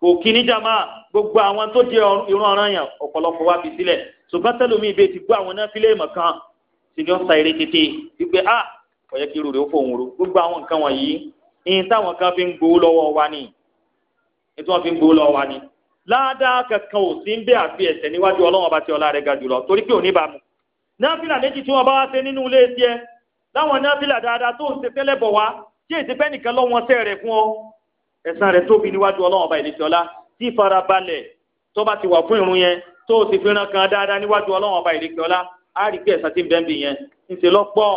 kò kí níjàmá gbogbo àwọn tó jẹ irun ọ̀ràn yẹn ọ̀pọ̀lọpọ̀ wá fi sílẹ̀ ṣùgbọ́n tẹlòmíì bẹ́ẹ̀ ti gbọ́ àwọn náà fílẹ̀ ìmọ̀ kan sì ni ó sa eré tètè wípé a ah, kò yẹ kí irú rẹ̀ ó fòun ro gbogbo àwọn nǹkan wọ̀nyí ìyìn táwọn kan fi ń gbowó lọ́wọ́ wa ni ètò wọn fi ń gbowó lọ́wọ́ wa ni ládàá kankan ò sí ń bẹ àfi ẹ̀ṣẹ̀ níwájú Ọlọ́run ọba tí ọlá rẹ̀ ga jùlọ torí pé òní bá mu náfìlà méjì tí wọn bá wá ṣe nínú ilé tiẹ̀ láwọn náfìlà dáadáa tó ń ṣe tẹ́lẹ̀ bọ̀ wá tí èsì pẹ́ nìkan lọ́ wọn sẹ́ rẹ̀ fún ọ ẹ̀san rẹ̀ tóbi níwájú ọlọ́run ọba ìlẹ́sọ̀lá tí ìfarabalẹ̀ tó bá ti wà fún ìrun yẹn tó o sì fi ran kan dáadáa níwájú ọlọ́run ọba ìlẹ́sọ̀lá á rí pé ẹ̀san tí ń bẹ́ẹ̀ bì yẹn ń ṣe lọ́pọ̀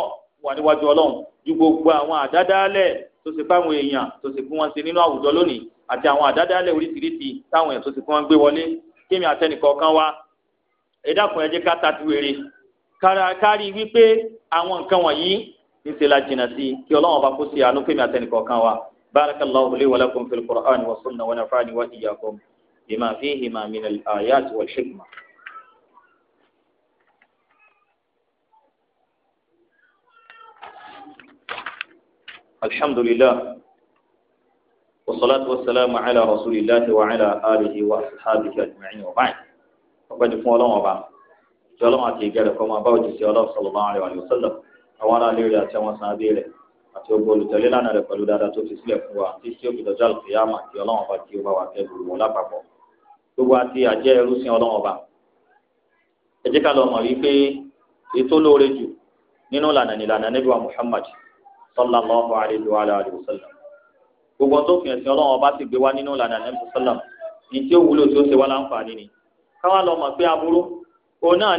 wà níwájú ọlọ́run ju gbogbo àwọn àdádálẹ̀ tó ṣe fáwọn èèyàn tó ṣe fún wọn ṣe nínú àwùjọ lónìí àti àwọn àdádálẹ̀ oríṣiríṣi táwọn níṣẹ́ la jìnnà sí kí ọlọ́run bá kó sí àánú fẹ́mi àtẹnìkọ̀ọ̀kan wa barakallahu li wa lakum fil qur'ani wa sunna wa nafa'ani wa iyyakum bima fihima min al ayati wal hikma. الحمد لله والصلاة والسلام على رسول الله وعلى آله وأصحابه أجمعين وبعد وقد فعلوا وبعد جلوا أتي قال كما بوجه سيالله صلى الله عليه وسلم àwọn ará ilé rẹ̀ àti àwọn sàábé rẹ̀ àti ogun olùtẹ̀lé lánàá rẹ̀ pẹ̀lú dáadáa tó fi sílẹ̀ fún wa àti tí ó fi dọjọ́ àlùfíàmà àti ọlọ́wọ́n ọba tí ó bá wà kẹ́lù wọn lápapọ̀ gbogbo àti àjẹ́ ẹrú sí ọlọ́wọ́n ọba ẹ jẹ́ ká lọ mọ̀ wípé ètò lóore jù nínú lànà nílànà Ànábì wa Muhammad sallallahu alayhi wa alayhi wa sallam gbogbo tó fi ẹ̀sìn ọlọ́wọ́n ọba sì gbé wá nínú lànà Ànábì sallam ní tí ó wúlò tí ó ṣe wá láǹfààní ni káwá lọ mọ̀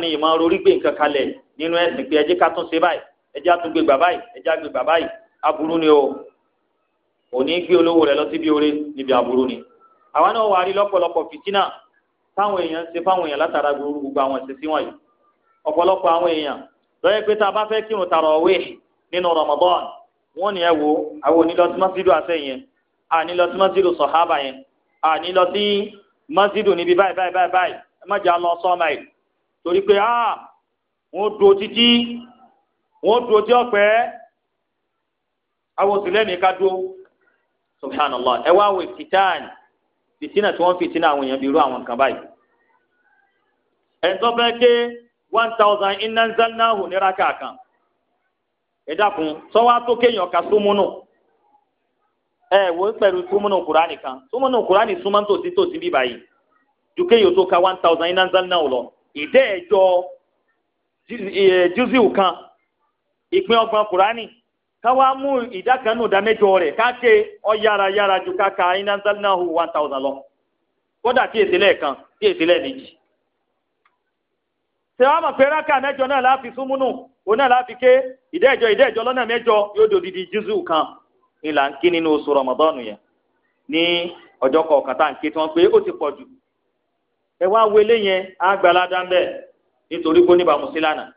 ni ìmọ̀ orí gbé nǹkan ẹjẹ́ àtúgbè bàbá yìí ẹjẹ́ àgbè bàbá yìí aburú ni o òní gbé olówó rẹ lọ síbi oore níbi aburú ni àwa náà wà á rí lọ́pọ̀lọpọ̀ fìtínà táwọn èèyàn ń ṣe fáwọn èèyàn látara gbogbo àwọn ìṣesí wọ̀nyí ọ̀pọ̀lọpọ̀ àwọn èèyàn lọ́yẹ̀ pé tá a bá fẹ́ kírun tarawih nínú Ramadan wọ́n ní ẹ wo àwọn onílọ sí masjidu àṣẹ yẹn ànílọ sí masjidu sọ̀hábà yẹn ànílọ sí masjidu níbi báyìí báyìí báyìí báyìí ẹ má jà lọ wọn dúró tí ọ àwọn òsì lẹ́mìí subhanallah ẹ wá fitina tí wọn fitina àwọn èèyàn bí irú àwọn nǹkan báyìí ké one thousand iná zannahu ní raka kan ẹ dákun tó kéèyàn ka súnmúnù ẹ wò kan tòsí tòsí bí báyìí ju kéèyàn tó ka one thousand iná lọ ìpín ọgbọ̀n kùránì káwá mú ìdá kan nù ìdámẹ́jọ rẹ̀ káàkiri ọ̀yára yára ju káka iná zalinahu one thousand lọ kódà tí èsì lẹ́ẹ̀kan tí èsì lẹ́ẹ̀mejì. sèwámà pẹ́ráka mẹ́jọ náà láfi súnmúnù òun náà láfi ké ìdẹ́ẹ̀jọ ìdẹ́ẹ̀jọ lọ́nà mẹ́jọ yóò di odidi kan ìlà ń kí nínú oṣù yẹn ní ọjọ́ kọ̀ọ̀kan tá à ń ké tí wọ́n pé ó ti pọ̀ jù ẹ wá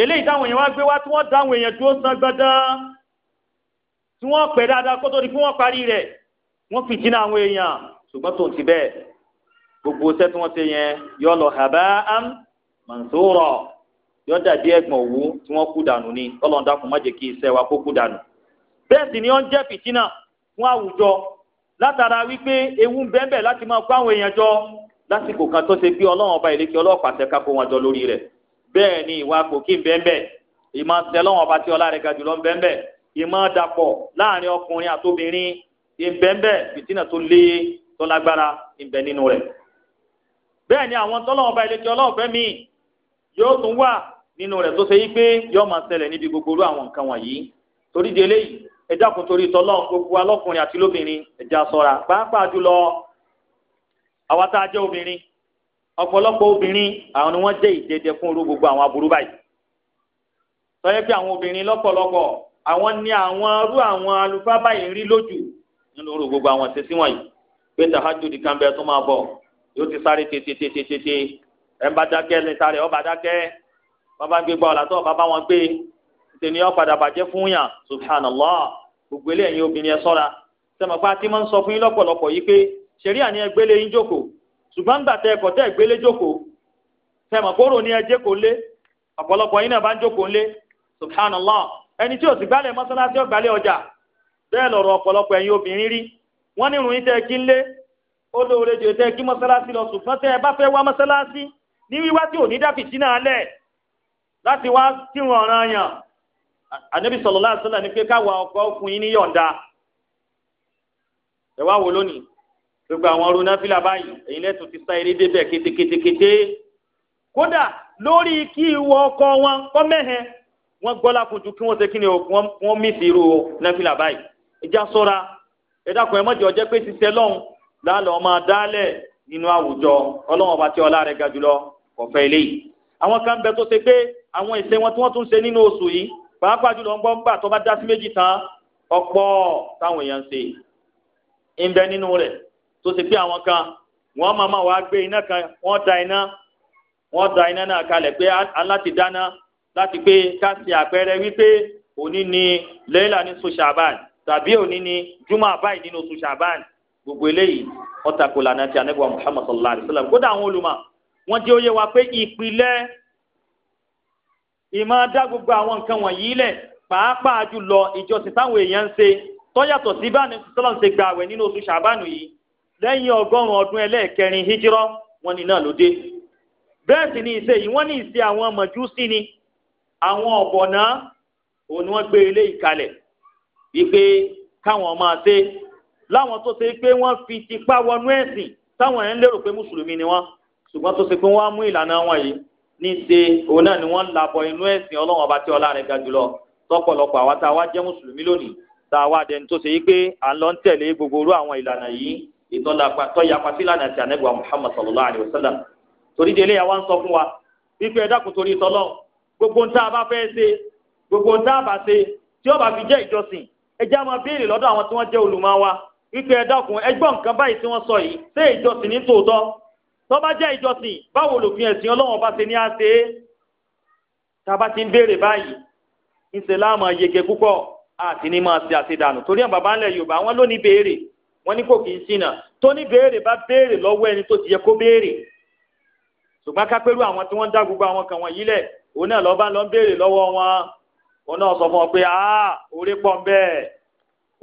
eléyìí táwọn èèyàn wá gbé wá tí wọ́n dáwọn èèyàn dúró san gbọ́dán tí wọ́n pẹ̀ dáadáa kó tó di fún wọn parí rẹ̀ wọ́n fi jìnnà àwọn èèyàn ṣùgbọ́n tó ti bẹ́ẹ̀ gbogbo iṣẹ́ tí wọ́n ṣe yẹn yọ lọ hàbá am mansura yọ dàbí ẹ̀gbọ̀n òwú tí wọ́n kú dànù ni Ọlọ́run dákun má jẹ́ kí iṣẹ́ wa kó kú dànù bẹ́ẹ̀ sì ni ó ń jẹ́ fìtínà fún àwùjọ látara wípé ewu ń bẹ́ẹ̀ láti máa kó àwọn èèyàn jọ lásìkò kan tó ṣe pé Ọlọ́run ọba ìlékè ọlọ́pàá ṣẹ̀ka kó wọn jọ lórí rẹ̀ bẹ́ẹ̀ ni ìwà kòkí bẹ́ẹ̀nbẹ́ ìmọ̀ sẹ́lọ́wọ̀n ọba tí ọlá rẹ̀ ga jùlọ bẹ́ẹ̀nbẹ́ ìmọ̀ dàpọ̀ láàrin ọkùnrin àtobìnrin ìbẹ́ẹ̀nbẹ́ fìtínà tó lé tó ìbẹ́ nínú rẹ̀. bẹ́ẹ̀ ni àwọn tọ́lọ́wọ̀n ọba ìlẹ́kẹ́ ọlọ́ọ̀fẹ́ mi yóò tún wà nínú rẹ̀ tó ṣe yí pé yóò máa ṣẹlẹ̀ níbi gbogbo irú àwọn nǹkan wọ̀nyí torí délé yìí ẹ dákun torí tọ́lọ́wọ̀n gbogbo alọ́kùnrin àti lóbìnrin ẹ já ṣọ́ra pàápàá jùlọ àwa tá a jẹ́ obìnrin ọ̀pọ̀lọpọ̀ obìnrin àwọn ni wọ́n jẹ́ ìdẹ́dẹ fún irú gbogbo àwọn aburú báyìí tọ́yẹ́ pé àwọn obìnrin lọ́pọ̀lọpọ̀ àwọn ní àwọn irú àwọn àlùfáà báyìí rí lójú nínú irú gbogbo àwọn ṣẹ́sí wọ̀nyí pé tahajudi kan bẹ tó máa bọ̀ yóò ti sáré tètètètètè ẹ̀ ń bá dákẹ́ lè sáré ọba dákẹ́ bàbá ń gbé gbọ́ ọ̀là tó ọba bá wọn gbé tèmi ọ̀ bàjẹ́ fún yàn subhanallah gbogbo ni ẹgbẹ́lẹ́ yín ṣùgbọ́n nígbà tẹ ẹ̀kọ́ tẹ́ ìgbélé jókòó tẹ mọ̀ kóró ní ẹjẹ́ kò lé ọ̀pọ̀lọpọ̀ yín náà bá ń jókòó lé subhanallah ẹni tí o sì gbálẹ̀ mọ́sálásí ó ọjà bẹ́ẹ̀ lọ̀rọ̀ ọ̀pọ̀lọpọ̀ ẹ̀yin obìnrin rí wọ́n ní ìròyìn kí ń lé ó kí mọ́sálásí lọ ṣùgbọ́n ẹ bá fẹ́ wá mọ́sálásí gbogbo àwọn ọrùn náà fìlà báyìí èyí lẹ́tọ̀ọ́ ti sá eré débẹ̀ kétékétékété kódà lórí kí ìwọ ọkọ wọn kọ́ mẹ́hẹ̀ẹ́ wọn gbọ́ lákòójú kí wọ́n ṣe kí ni o wọ́n mí sí irú náà fìlà báyìí ìjà sọ́ra ẹ̀dá kan ẹ̀ mọ́jọ́ jẹ́ pé ṣiṣẹ́ lọ́hùn lálọ́ máa dálẹ̀ nínú àwùjọ ọlọ́wọ́n bá tí ọlá rẹ̀ ga jùlọ ọ̀fẹ́ ilé yìí àwọn kan bẹ tó ṣe pé àwọn ìṣe wọn tí wọ́n tún ṣe nínú oṣù yìí pàápàá jùlọ ń gbọ́ ńgbà tó bá dá sí méjì tán ọ̀pọ̀ táwọn èèyàn ṣe ń bẹ nínú rẹ̀ tó ti pé àwọn kan wọ́n máa máa wá gbé iná kan wọ́n da iná wọ́n da iná náà kalẹ̀ pé aláti dáná láti pé ká ṣe àpẹẹrẹ wípé òní ni lẹ́yìnlá ní oṣù ṣàbàn tàbí òní ni júmọ̀ àbáyé nínú oṣù ṣàbàn gbogbo eléyìí wọ́n takò lànà tí anagba Muhammad sallallahu alayhi wa sallam kódà àwọn olùmọ̀ wọ́n jẹ́ òye wa pé ìpìlẹ̀ ìmọ̀ dá gbogbo àwọn nǹkan wọ̀nyí lẹ̀ pàápàá jùlọ ìjọsìn táwọn èèyàn ń ṣe tó yàtọ̀ sọlọ́n ṣe gbààwẹ̀ nínú oṣù ṣàbánu yìí lẹ́yìn ọgọ́rùn-ún ọdún ẹlẹ́ẹ̀kẹrin hijrọ́ wọn ni náà ló dé bẹ́ẹ̀ sì ni ìṣe yìí wọ́n ní ìṣe àwọn mọ̀júsí ni àwọn ọ̀bọ̀nà òun ni wọ́n gbé ilé ìkalẹ̀ wípé káwọn máa ṣe láwọn tó ṣe pé wọ́n fi tipá wọnú ẹ̀sìn táwọn yẹn ń lérò pé mùsùlùmí ni wọ́n ṣùgbọ́n tó ṣe pé wọ́n á mú ìlànà wọn yìí ní ṣe òun náà ni wọ́n labọ̀ inú ẹ̀sìn ọlọ́run ọba tí ọlá rẹ̀ ga jùlọ tọ́pọ̀lọpọ̀ àwa tá a wá jẹ́ mùsùlùmí lónìí tá a wá dẹni tó ṣe yí pé à ń lọ tẹ̀lé gbogbo orú àwọn ìlànà yìí ìtọ́lápá tọ́yapa sílànà àti ànẹ́gbà Muhammad sallallahu alayhi wa sallam torí délé yà wá ń sọ fún wa wípé ẹ dákun torí tọ́lọ́ gbogbo ntá a bá fẹ́ ṣe gbogbo ntá a bá ṣe tí ó bá fi jẹ́ ìjọsìn ẹ jẹ́ àwọn béèrè lọ́dọ̀ àwọn tí wọ́n jẹ́ olùmọ̀ wa wípé ẹ dákun ẹ gbọ́ nǹkan báyìí tí wọ́n sọ yìí ṣé ìjọsìn ní tòótọ́ tó bá jẹ́ ìjọsìn báwo lòfin ẹ̀sìn ọlọ́wọ́n wọ́n ní kò kì í ṣìnà tó ní béèrè bá béèrè lọ́wọ́ ẹni tó ti yẹ kó béèrè ṣùgbọ́n kápẹ́rú àwọn tí wọ́n ń dá gbogbo àwọn kan wọ̀nyí lẹ̀ òun náà lọ́ọ́ bá lọ́ọ́ béèrè lọ́wọ́ wọn òun náà sọ fún ọ pé ah orí pọ̀ ń bẹ́ẹ̀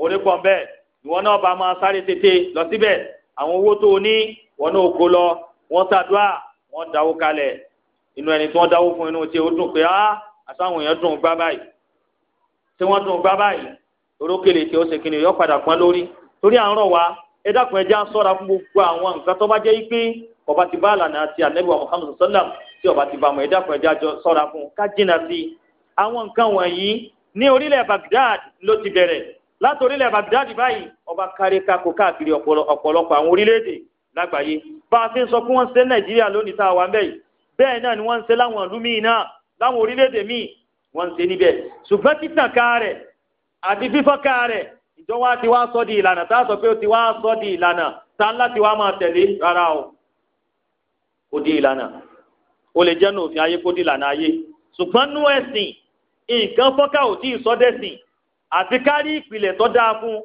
orí pọ̀ ń bẹ́ẹ̀ ìwọ náà bá máa sáré tètè lọ síbẹ̀ àwọn owó tó o ní wọn náà kó lọ wọn ṣàdúrà wọn dáwó kalẹ̀ inú ẹni tí wọ́n dáwó fún inú tí ó dùn pé ah àtàwọn èèyàn dùn gbá báyìí tí wọ́n dùn gbá báyìí orókèlè tí ó ṣe kìnìún padà pọ́n lórí torí à ń rọ̀ wá ẹ dákun ẹ jẹ́ à ń sọ́ra fún gbogbo àwọn nǹkan tó bá jẹ́ yí pé ọba ti bá àlànà àti ànẹ́bíwá Muhammad sallam tí ọba ti bá mọ̀ ẹ dákun ẹ jẹ́ àjọ sọ́ra fún ká jìnnà sí i àwọn nǹkan wọ̀nyí ní orílẹ̀ Baghdad ló ti bẹ̀rẹ̀ láti orílẹ̀ Baghdad báyìí ọba kárí kakó káàkiri ọ̀pọ̀lọpọ̀ àwọn orílẹ̀-èdè lágbàáyé bá a ti ń sọ pé wọ́n ṣe Nàìjíríà lónìí tá a wà ń bẹ́ẹ̀ náà ni wọ́n ń ṣe láwọn ìlú míì náà láwọn orílẹ̀-èdè míì wọ́n ń ṣe níbẹ̀ ṣùgbọ́n títàn ká rẹ̀ àti fífọ́ ká rẹ̀ ìjọba ti wá sọ di ìlànà tá a sọ pé ó ti wá sọ di ìlànà tá a láti wá máa tẹ̀lé rárá o kò di ìlànà o lè jẹ́ nù òfin ayé kó di ìlànà ayé ṣùgbọ́n nú ẹ̀sìn nǹkan fọ́ká ò tí ì sọ dẹ́sìn àti kárí ìpìlẹ̀ tó dáa fún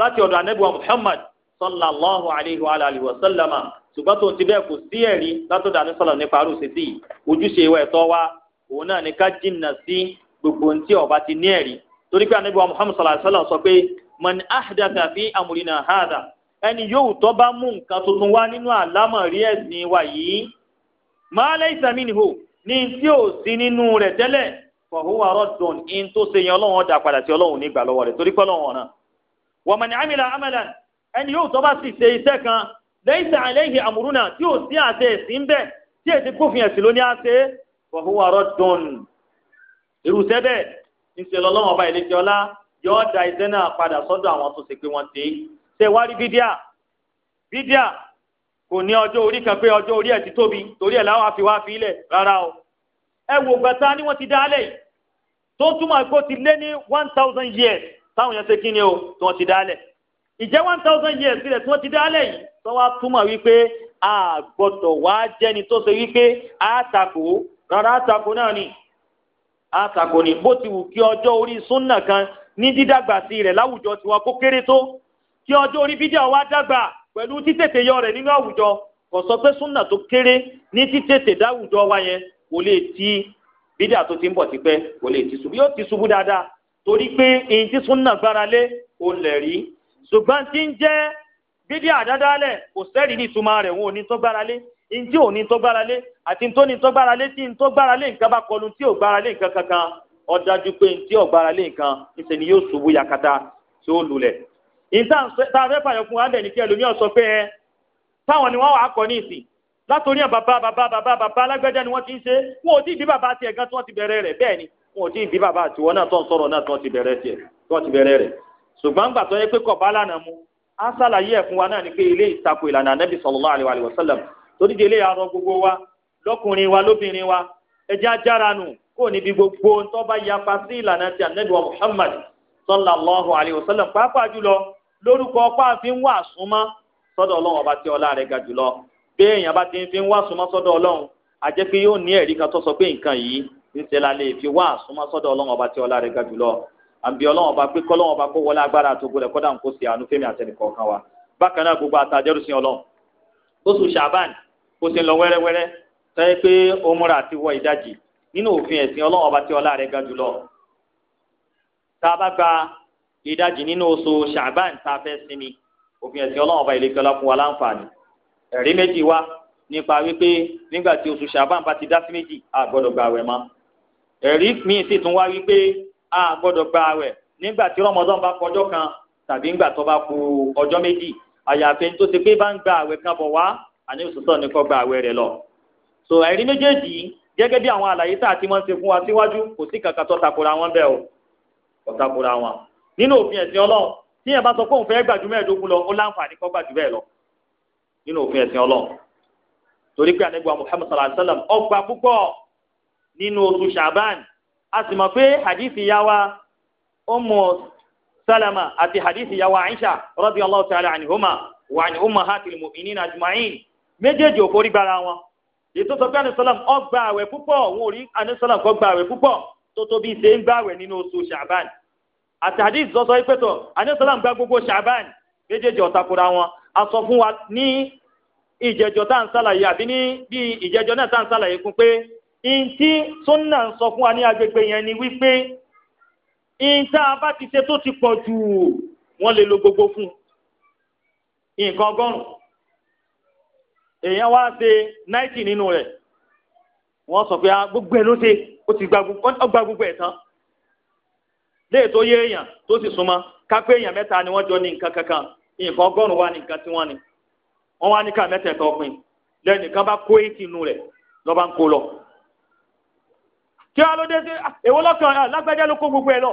láti ọ̀dọ̀ anábìwá Muhammad sallallahu alayhi wa alayhi wa sallama ṣùgbọ́n tó ti bẹ́ẹ̀ kò sí ẹ̀rí látọ̀dọ̀ anisọ̀lọ̀ nípa arúgbó sí ojúṣe ìwà ẹ̀tọ́ wa òun náà ni ká jìnnà sí gbogbo ohun tí ọba ti ní ẹ̀rí torí pé anábìwá Muhammad sallallahu alayhi wa sallam sọ pé man ahdatha fi amrina hadha ẹni yóò tọ́ mú nǹkan tuntun wá nínú wa yìí ma laysa minhu ní tí ò sí nínú rẹ̀ tẹ́lẹ̀ in tó ṣe yan ọlọ́run ọ̀dà padà sí ọlọ́run nígbà lọ́wọ́ rẹ̀ torí pọ́lọ́run ọ̀ràn amila amalan ẹni yóò sì kan laysa alayhi amruna tí ò sí àṣẹ ẹ̀sìn bẹ́ẹ̀ tí èsì kófin ẹ̀sìn ló ní yóò da iṣẹ́ náà padà sọ́dọ̀ àwọn tó ṣe pé wọ́n ṣe é ṣe wá rí bídíà bídíà kò ní ọjọ́ orí kan pé ọjọ́ orí ẹ̀ ti tóbi torí ẹ̀ láwọn àfi wá fi ilẹ̀ rárá o ẹ wò gbàtà ni wọ́n ti dá lẹ̀ tó túmọ̀ pé ó ti lé ní one thousand years táwọn yẹn ṣe kí ni o tí wọ́n ti dá lẹ̀ ìjẹ́ one thousand years sílẹ̀ tí wọ́n ti dá lẹ̀ yìí tó wá túmọ̀ wípé a gbọ́dọ̀ wá jẹ́ni tó ṣe wípé a takò rárá a náà ni a takò ni bó ti wù kí ọjọ́ orí súnnà kan ní dídàgbà sí rẹ̀ láwùjọ tiwa kó kéré tó kí ọjọ́ orí wa dàgbà pẹ̀lú títètè yọ rẹ̀ nínú àwùjọ kò sọ pé súnà tó kéré ní títètè dáwùjọ wa yẹn kò lè ti bídíà tó ti ń bọ̀ tipẹ́ kò lè ti ṣubú yóò ti ṣubú dáadáa torí pé èyí tí súnà gbára lé òun lẹ̀ rí ṣùgbọ́n tí ń jẹ́ bídíà àdádálẹ̀ kò sẹ́rìí ní ìtumọ̀ rẹ̀ wọn ò ní tó gbára lé ò ní tó gbára lé àti ní tó gbára lé tí ó dájú pé ntí ọ̀gbára lé nǹkan ńṣe ni yóò ṣubú yakata tí ó lulẹ̀. ìta tá a fẹ́ fàyọ̀ fún wa bẹ̀ ní kí ẹlòmíràn sọ pé ẹ táwọn ni wọ́n wàá kọ́ ní ìsìn látòrí àwọn bàbá bàbá bàbá bàbá alágbẹ́dẹ́ ni wọ́n ti ń ṣe wọn ò tí ì bí bàbá tiẹ̀ gan tí wọ́n ti bẹ̀rẹ̀ rẹ̀ bẹ́ẹ̀ ni wọn ò tí ì bí bàbá tiwọn náà tó ń sọ̀rọ̀ náà tí wọ́n ti bẹ̀rẹ̀ rẹ̀ ṣùgbọ́n gbà tó yẹ pé kọ̀ọ̀bá lánàá mu á sàlàyé ẹ̀ fún wa náà ni pé ilé ìtakò ìlànà anábì sallallahu alaihi wa sallam torí délé arọ gbogbo wa lọ́kùnrin wa lóbìnrin wa ẹja jára kó níbi gbogbo ntọ́ bá yapa sí ìlànà ti ànábì wa Muhammad sallallahu alayhi wa sallam pàápàá jùlọ lórúkọ pààfin wà súnmọ́ sọ́dọ̀ ọlọ́run ọba tí ọlá rẹ̀ ga jùlọ béèyàn bá ti fi ń súnmọ́ sọ́dọ̀ ọlọ́run àjẹ́ pé yóò ní ẹ̀rí kan tó sọ pé nǹkan yìí níṣẹ́ la lè fi wá súnmọ́ sọ́dọ̀ ọlọ́run ọba tí ọlá rẹ̀ ga jùlọ àbí ọlọ́run ọba pé kọ́lọ́run ọba kó wọlé agbára àtògbò rẹ̀ kọ́dà ń sí àánú fẹ́mi àtẹnìkọ̀ kan wa bákan náà gbogbo àtàjẹ́rùsìn ọlọ́run oṣù sàbàn kó ṣe lọ wẹ́rẹ́wẹ́rẹ́ tẹ́ pé ó múra àti wọ ìdajì nínú òfin ẹ̀sìn ọlọ́run ọba tí ọlá rẹ̀ ga jùlọ tá a bá gba ìdajì nínú oṣù ṣàbán tá a fẹ́ sinmi òfin ẹ̀sìn ọlọ́run ọba ìlẹ́kẹ́ ọlá fún wa láǹfààní ẹ̀rí méjì wá nípa wípé nígbà tí oṣù ṣàbán bá ti dá sí méjì a gbọ́dọ̀ gba àwẹ̀ mọ́ ẹ̀rí míì sì tún wá wípé a gbọ́dọ̀ gba àwẹ̀ nígbà tí rọmọdán bá kù ọjọ́ kan tàbí nígbà tó bá kù ọjọ́ méjì àyàfẹ́ tó ti pé bá ń gba àwẹ̀ kan bọ̀ wá àní òṣùṣọ́ ni kó gba àwẹ̀ rẹ̀ lọ so ẹ̀rí méjèèjì gẹ́gẹ́ bí àwọn àlàyé tá a ti máa ń ṣe fún wa síwájú kò sí kankan tó takora wọn bẹ́ẹ̀ o kò takora wọn nínú òfin ẹ̀sìn ọlọ́run tí yẹn bá sọ pé òun gbàjú mẹ́ẹ̀ẹ́dógún lọ ó láǹfààní gbàjú bẹ́ẹ̀ lọ nínú òfin ẹ̀sìn ọlọ́run torí pé anagba alayhi sallam ọgbà púpọ̀ nínú oṣù a sì mọ̀ pé hadithi ya wa Salama ya Aisha ta'ala anihuma wa méjèèjì ò ìtòsọ pé anisọlám ọgbà àwẹ̀ púpọ̀ òun ò rí anisọlám kọ gbà àwẹ̀ púpọ̀ tó tó bí ṣe ń gbà àwẹ̀ nínú oṣù ṣàbán àti hadith sọsọ yìí pẹtọ anisọlám gba gbogbo ṣàbán méjèèjì ọ̀takùrà wọn a sọ fún wa ní ìjẹjọ tá à ń sàlàyé àbí ní bí ìjẹjọ náà tá à ń sàlàyé fún pé ntí sunna ń sọ fún wa ní agbègbè yẹn ni wípé ntá a bá ti ṣe tó ti pọ̀ jù wọ́n lè lo gbogbo fún nǹkan ọgọ́rùn-ún èèyàn wá se náìtì nínú rẹ̀ wọ́n sọ pé ah, gbogbo ẹ̀ ló ṣe ó ti gba gbogbo ẹ̀ tán léè tó yé èèyàn tó sì súnmọ́ kápẹ́ èèyàn mẹ́ta ni wọ́n jọ ní nǹkan kankan nǹkan ọgọ́rùn-ún wá ní nǹkan tí wọ́n ní wọ́n wá ní ká mẹ́tẹ̀ẹ̀tọ̀ ọ̀pìn lẹ́nìkan bá kó èyí nù rẹ̀ lọ́ba ń kó lọ. kí wàá ló dé sí ah, èwo lọ́kàn ah, lágbájá ló kó gbogbo ẹ̀ lọ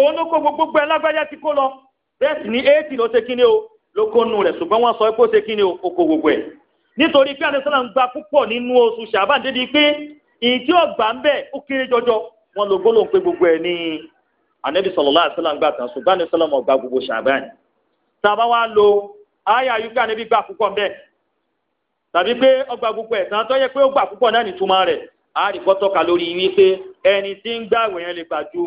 òun ló kó gbogbo ẹ̀ lágbájá ti kó lọ bẹ́ẹ̀ sì ni èyí ló ṣe kíní o lóko nù rẹ̀ ṣùgbọ́n wọ́n sọ pé ó ṣe kí ni oko gbogbo ẹ̀ nítorí pé àti sọ́lá ń gba púpọ̀ nínú oṣù ṣàbàn dédi pé ìyí tí ọgbà ń bẹ̀ ó kéré jọjọ wọn lo gbólóhùn pé gbogbo ẹ̀ ní anabi sallallahu alaihi wasallam gbà tán ṣùgbọ́n àti sọ́lá mọ̀ gba gbogbo ṣàbàn tàbá wa lo ayé àyùkẹ́ anabi gbà púpọ̀ bẹ́ẹ̀ tàbí pé ọgbà gbogbo ẹ̀ tán tó yẹ pé ó gbà púpọ̀ náà nìtumọ̀ rẹ̀ àríkọ́ tọ́ka lórí wípé ẹni tí ń gbàwé yẹn lè gbà ju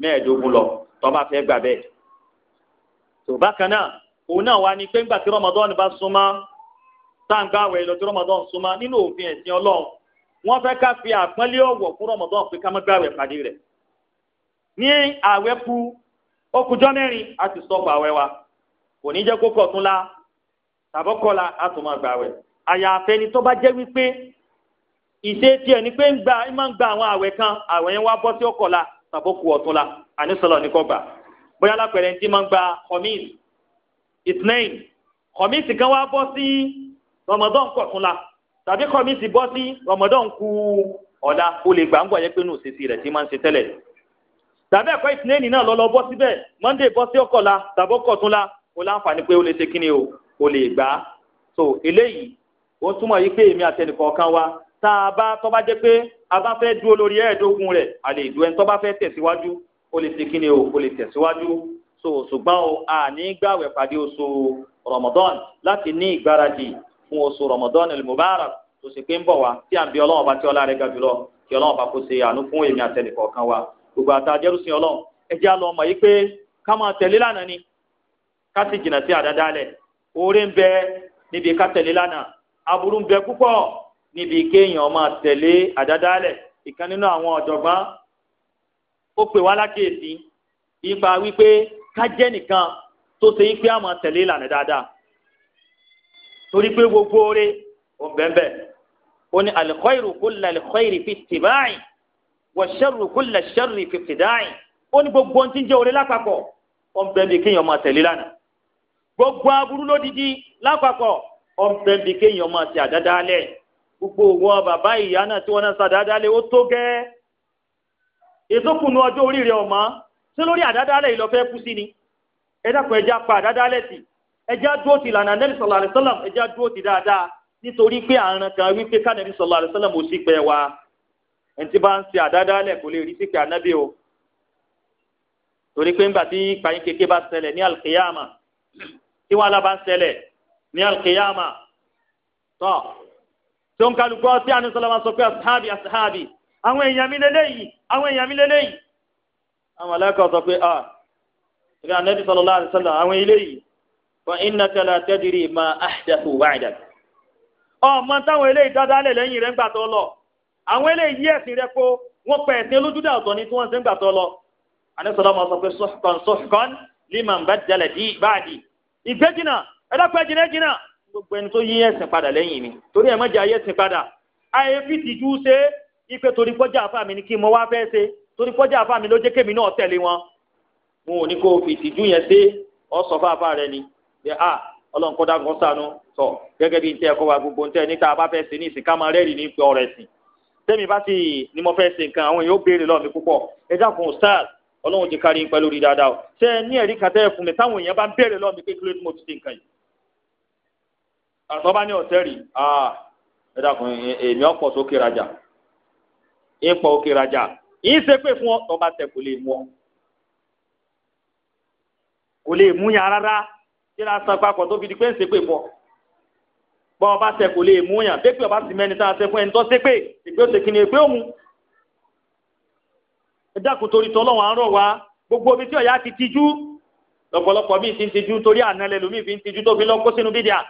mẹ́ẹ̀ẹ́dógún lọ tó bá fẹ́ gbà bẹ́ẹ̀ tó bákan náà òun náà wá ní pé ńgbà tí rọmọdọ́n bá súnmọ́ táǹgbà àwẹ̀ lọ tí rọmọdọ́n súnmọ́ nínú òfin ẹ̀sìn ọlọ́run wọ́n fẹ́ ká fi àpọ́nlé ọ̀wọ̀ fún rọmọdọ́n pé ká má pàdé rẹ̀ ní àwẹ̀ ku okùjọ́ mẹ́rin a ti sọ̀pọ̀ àwẹ̀ wa kò ní jẹ́ kókò tún la tàbọ́kọ́la a tún máa gbà àwẹ̀ ni tó bá jẹ́ wípé ìṣe tiẹ̀ ni pé ń gba ń máa ń gba àwọn àwẹ̀ kan àwẹ̀ yẹn wá bọ́ sí ọkọ̀ la tàbọ́kù ọ̀tún la àníṣọlọ ní kọ́ bóyá lápẹ̀rẹ̀ ń máa ń gba kọ́míìlì ìtìlẹ́yìn kọ̀míìsì kan wá bọ́ sí rọmọdán kọ̀túnla tàbí kọ̀míìsì bọ́ sí rọmọdán kù ọ̀la o lè gbà ń gbọ́ yẹ pé nù sísì rẹ̀ ti máa ń ṣe tẹ́lẹ̀ tàbí ẹ̀kọ́ ìtìlẹ́yìn náà lọ́lọ́ bọ́ síbẹ̀ monday bọ́ sí ọkọ̀la tàbí ọkọ̀túnla o láǹfààní pé o lè ṣe kíni o o lè gbà á so eléyìí ó túmọ̀ yí pé èmi àtẹnìkọ̀ọ̀kan wa tá a bá tọ́ bá jẹ́ pé a bá fẹ́ dúró lórí ẹ̀ẹ́dógún rẹ̀ a lè tọ́ bá fẹ́ tẹ̀síwájú o lè ṣe kíni o o lè tẹ̀síwájú so ṣùgbọ́n o a ní gbàwẹ̀ pàdé oṣù rọmọdọ́n láti ní ìgbáradì fún oṣù rọmọdọ́n al-mubarak tó ṣe pé ń bọ̀ wá tí à ń bí ọlọ́run bá tí ọlá rẹ̀ ga jùlọ kí ọlọ́run bá kó ṣe àánú fún èmi wa gbogbo àtàjẹrùsìn ọlọ́run ẹ àlọ́ ọmọ yìí ni ká sì oore ń bẹ níbi ká tẹ̀lé lánàá aburú ń bẹ púpọ̀ níbi kéèyàn máa tẹ̀lé ìkan nínú àwọn ọ̀jọ̀gbọ́n ó pè ká jẹ́ nìkan tó ṣe yí pé a máa tẹ̀lé ìlànà dáadáa torí pé gbogbo oore ò ń bẹ́ẹ̀ bẹ́ẹ̀ ó ní al-khayru kulla al-khayri fi ittiba'i wa sharru kulla sharri fi ibtida'i ó ní gbogbo ohun tí ń jẹ́ oore lápapọ̀ ó ń bẹ́ẹ̀ bí kéèyàn máa tẹ̀lé lánàá gbogbo aburú lódìdí lápapọ̀ ó ń bẹ́ẹ̀ bí kéèyàn máa ṣe àdáadáa lẹ̀ gbogbo wọn bàbá ìyá náà tí wọ́n náà ṣàdáadáa lẹ̀ ó tó gẹ́ẹ́ ètò ṣé lórí àdádálẹ̀ ìlọ fẹ́ kú sí ni ẹ dákun ẹja pa àdádálẹ̀ sí ẹja dúró ti lànà nẹ́bí sọ̀lá àlẹ́ sọ́lá ẹja dúró ti dáadáa nítorí pé àrùn kan wípé kánẹ́bí sọ̀lá àlẹ́ sọ́lá mo sì pẹ́ wa ẹni tí bá ń ṣe àdádálẹ̀ kò lè rí sí pé ànábì o torí pé ńgbà tí ìpààyàn kékeré bá ṣẹlẹ̀ ní alkiyama tí wàhálà bá ń ṣẹlẹ̀ ní alkiyama tọ́ tó ń kálukọ́ tí àníṣọ́lá àwọn aláìkọ́ sọ pé ah ìrìn ànẹ́bí sallallahu alaihi wasallam àwọn ilé yìí fa innaka la tadri ma ahdathu ba'dak. ọmọ táwọn eléyìí dáadáa lẹ̀ lẹ́yìn rẹ̀ ń gbà tó lọ àwọn eléyìí yí ẹ̀sìn rẹ̀ kó wọ́n pẹ̀ ẹ̀sìn lójúdà ọ̀tọ̀ ni tí wọ́n ti ń gbà tó lọ. àníṣọ́lá máa sọ pé suhqan suhqan liman baddala ba'di. ìgbẹ́ jìnnà ẹ̀dọ́pẹ́ jìnnà jìnnà gbogbo ẹni tó yí ẹ̀ torí kọjá àfa mi ló jẹ́ kémi náà tẹ̀lé wọn wọn ò ní kó fi ìtìjú yẹn ṣe ọ sọ fún àfa rẹ ni bẹ́ẹ̀ a ọlọ́run kọ́dá kan sànú sọ gẹ́gẹ́ bí ntẹ́ ẹ̀kọ́ wa gbogbo ntẹ́ níta bá fẹ́ ṣe ní ìsìnká máa rẹ́rìí ní ìpè ọ̀rẹ́ sìn tẹ́mi bá sì ni mo fẹ́ ṣe nǹkan àwọn èèyàn ó béèrè lọ́ọ̀ mi púpọ̀ ẹ dákun stars ọlọ́run ti kárí pẹ̀lú rí dáadáa o ṣé ẹ ní ẹ̀rí kàtẹ́ ẹ̀fún mi táwọn èèyàn bá ń béèrè lọ́ọ̀ mi pé kí ló tí mo fi ṣe nǹkan yìí àtọ́ bá ní ọ̀tẹ́ rí ẹ dákun èmi ọ̀pọ̀ sókè rajà ìpọ̀ òkè rajà yìí ṣe pé fún ọ tọba tẹ kò lè mú ọ kò lè mú yàn rárá tí la san papọ̀ tó fi di pé ń ṣe pé fọ bọ́ ọba tẹ kò lè mú yàn pépè ọba sì mẹ́ni tá a ṣe fún ẹni tó ṣe pé ìpè òsè kìíní ìpè òmu ẹ dákun torí tọ́lọ́wọ́n á rọ̀ wá gbogbo omi tí ọ̀yá ti tijú lọ́pọ̀lọpọ̀ míì ti ń tijú torí àná lẹ́lòmíì fi ń tijú tó lọ́kọ́ sínú bídíà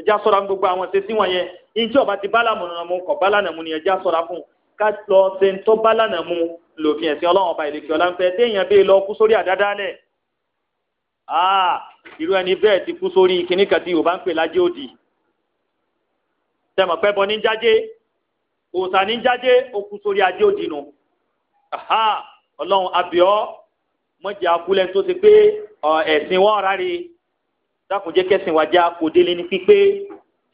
ẹja sọ́ra fún gbogbo àwọn ṣe sí wọn yẹn ìjọba ti bá làmùnà mú kọ̀ bá lànà ká lọ ṣe ń tọ́ bá lánàá mu lòfin ẹ̀sìn ọlọ́run ọba ìlẹ̀kì ọ̀la ń fẹ́ téèyàn bẹ́ẹ̀ lọ kú sórí àdádálẹ̀ ah, irú ẹni bẹ́ẹ̀ ti kú sórí kinní kan tí yorùbá ń pè lájẹ́ òdì tẹmọ̀ pẹ́ bọ ní jáde òòsà ní jáde ó kú sórí ajé òdì nù ọlọ́run abíọ́ mọ̀jẹ̀ akulẹ̀ tó ṣe pé ẹ̀sìn wọn ráre dákunjẹ́ kẹsìn wa já kò délé ní pípé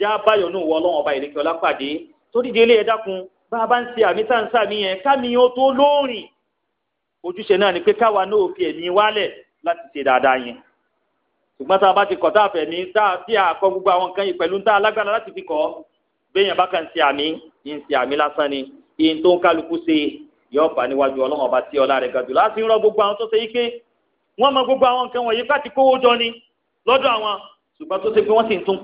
já báyọ̀ nù wọ ọlọ́run ọba ìlẹ̀kì ọlá tó dìde ilé ẹ̀ dákun bá a bá ń ṣe àmì tá à ń sàmì yẹn kámi yẹn ó tó lóòrìn ojúṣe náà ni pé káwa náà fi ẹ̀mí wálẹ̀ láti ṣe dáadáa yẹn ṣùgbọ́n tá a bá ti kọ̀ tá a fẹ̀ mí tá a ti àkọ́ gbogbo àwọn nǹkan yìí pẹ̀lú tá a lágbára láti fi kọ́ béèyàn bá kàn ṣe àmì yìí ń ṣe àmì lásán ni yìí tó ń kálukú ṣe yọ ọ̀bà níwájú ọlọ́run ọba tí ọlá rẹ̀ ga jù láti rọ gbogbo àwọn tó ṣe ike wọ́n ni lọ́dọ̀ àwọn ṣùgbọ́n tó ṣe pé wọ́n sì ń tún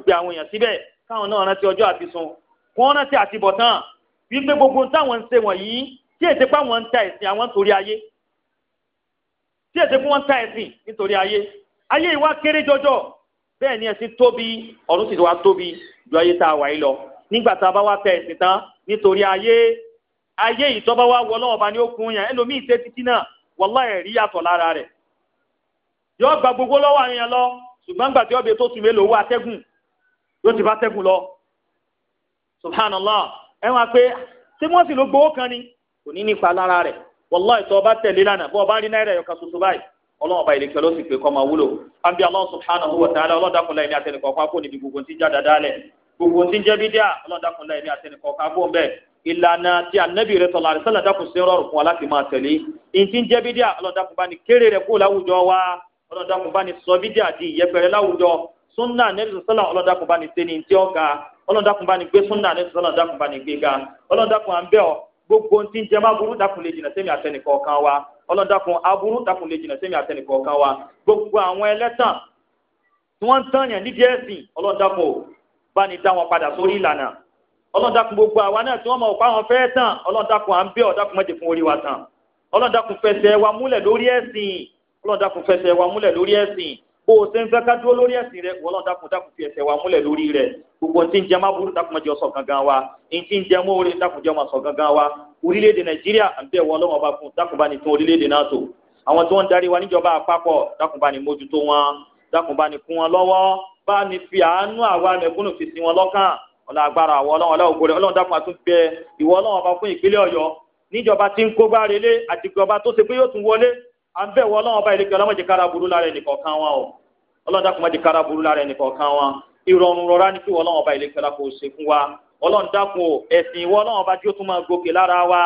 pe wípé gbogbo ohun táwọn ń ṣe wọ̀nyí tí èsì pé àwọn ń ta ẹ̀sìn àwọn nítorí ayé tí èsì pé wọ́n ń ta ẹ̀sìn nítorí ayé ayé ìwà kéré jọjọ bẹ́ẹ̀ ni ẹ̀sìn tóbi ọ̀run sì wá tóbi ju ayé tá a wà yìí lọ nígbà tá a bá tán nítorí ayé ayé ìtọ́ba wa wọ lọ́wọ́ bá ní ó kun yẹn ẹlòmíì ṣe títí náà wọ́lá rí yàtọ̀ lára rẹ̀ yọ gba gbogbo lọ́wọ́ àwọn yẹn lọ ṣùgbọ́n ọbẹ̀ tó sùn mélòó ẹ wá pé ṣé wọ́n sì ló gbowó kan ni kò ní nípa lára rẹ̀ wàláì tó ọba tẹ̀lé lánàá bó ọba rí náírà báyìí ọlọ́run ọba ìlẹ̀kẹ́ ló sì pé kọ́ máa wúlò ta'ala ọlọ́dàkùnlé ẹ̀mí àtẹnìkọ̀ kò níbi gbogbo tí ń já gbogbo tí ń jẹ́ bídíà ọlọ́dàkùnlé ẹ̀mí àtẹnìkọ̀ kò ń bẹ̀ ìlànà tí ànábì tọ̀lá sọ́lá sí rọrùn fún wa ní kéré kó láwùjọ wa di ìyẹpẹrẹ láwùjọ sunna nẹ́bí sọ́lá ọlọ́dàkùn bá ní gbé súnà ní sọ́nà bá ní gbé ga ọlọ́dàkùn à ń gbogbo ti ń jẹ má burú dàkùn lè jìnà sẹ́mi àtẹnìkọ̀ kan wa ọlọ́dàkùn aburú dàkùn lè jìnà sẹ́mi àtẹnìkọ̀ kan wa gbogbo àwọn ẹlẹ́tàn tí wọ́n ń yàn nídìí ẹ̀sìn ọlọ́dàkùn bá ní dá wọn padà sórí ìlànà ọlọ́dàkùn gbogbo àwa náà tí wọ́n mọ̀ pa wọn fẹ́ wa tàn ọlọ́dàkùn fẹsẹ̀ wa múlẹ̀ lórí ẹ̀sìn ọlọ́dàkùn fẹsẹ̀ wa múlẹ̀ bó o ṣe ń fẹ́ ká dúró lórí ẹ̀sìn rẹ wọ́n lọ́n dákun dákun fi ẹsẹ̀ wa múlẹ̀ lórí rẹ gbogbo ti ń jẹ má burú dákun jẹ gangan wa ní ti ń jẹ mọ́ orí dákun jẹ ọmọ gangan wa orílẹ̀-èdè nàìjíríà àbẹ̀ wọ́n lọ́wọ́ bá fún dákun bá ní tún orílẹ̀-èdè náà tó àwọn tí wọ́n ń darí wa níjọba àpapọ̀ dákun bá ní mójútó wọn dákun wọn lọ́wọ́ bá ní fi àánú àwa wọn lọ́kàn agbára àwọn dákun ìwọ à ń bẹ̀wọ̀ ọlọ́run ọba ìlẹ́kẹ́ ọlọ́mọdé kára burú lára ẹnìkọ̀ọ̀kan wọn o ọlọ́run dákúnmọ́dé kára burú lára ẹnìkọ̀ọ̀kan wọn ìrọ̀rùn rọra ní kí ọlọ́run ọba ìlẹ́kẹ́ ọlá kò ṣe fún wa ọlọ́run dákun o ẹ̀sìn ìwọ ọlọ́run ọba tí ó tún máa gòkè lára wa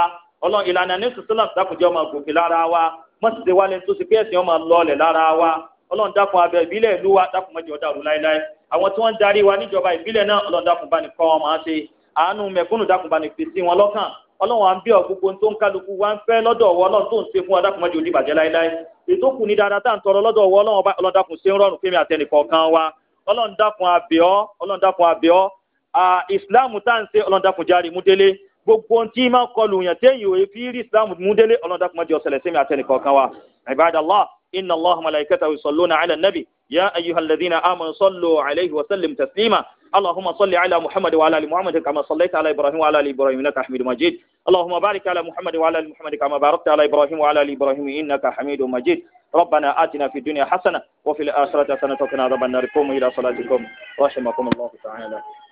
ọlọ́run ìlànà ní sùsùlà dákùnjẹ́ máa gòkè lára wa mọ́tìtì wa lè tó ṣe pé ẹ̀sìn ọmọ lọ́ọ̀lẹ̀ lára wa ọlọ́run dákun abẹ ìbílẹ̀ ìlú wa dákun mọ́jọ dàrú láéláé àwọn tí wọ́n darí wa níjọba ìbílẹ̀ náà ọlọ́run máa ṣe àánú mẹ̀kúnnù dákun sí wọn lọ́kàn ọlọ́run à ń bí ọ gbogbo tó ń kálukú wa ń fẹ́ lọ́dọ̀ ọwọ́ ọlọ́run tó ń ṣe fún ọdákùn mọ́jọ oníbàjẹ́ láéláé ètò kù ní dáadáa tá à ń tọrọ lọ́dọ̀ ọwọ́ ọlọ́run ọba ọlọ́dàkùn ṣe ń rọrùn fẹ́mi àtẹnìkọ̀ọ̀kan wa ọlọ́run dákun àbẹ̀ ọ́ ọlọ́run dákun àbẹ̀ ọ́ ìsìláàmù tá à ń ṣe ọlọ́run dákun járe mú délé gbogbo tí máa kọlù yàn téyì òye اللهم صل على محمد وعلى ال محمد كما صليت على ابراهيم وعلى ال ابراهيم انك حميد مجيد اللهم بارك على محمد وعلى ال محمد كما باركت على ابراهيم وعلى ال ابراهيم انك حميد مجيد ربنا آتنا في الدنيا حسنه وفي الاخره حسنه وقنا عذاب النار قوموا الى صلاتكم رحمكم الله تعالى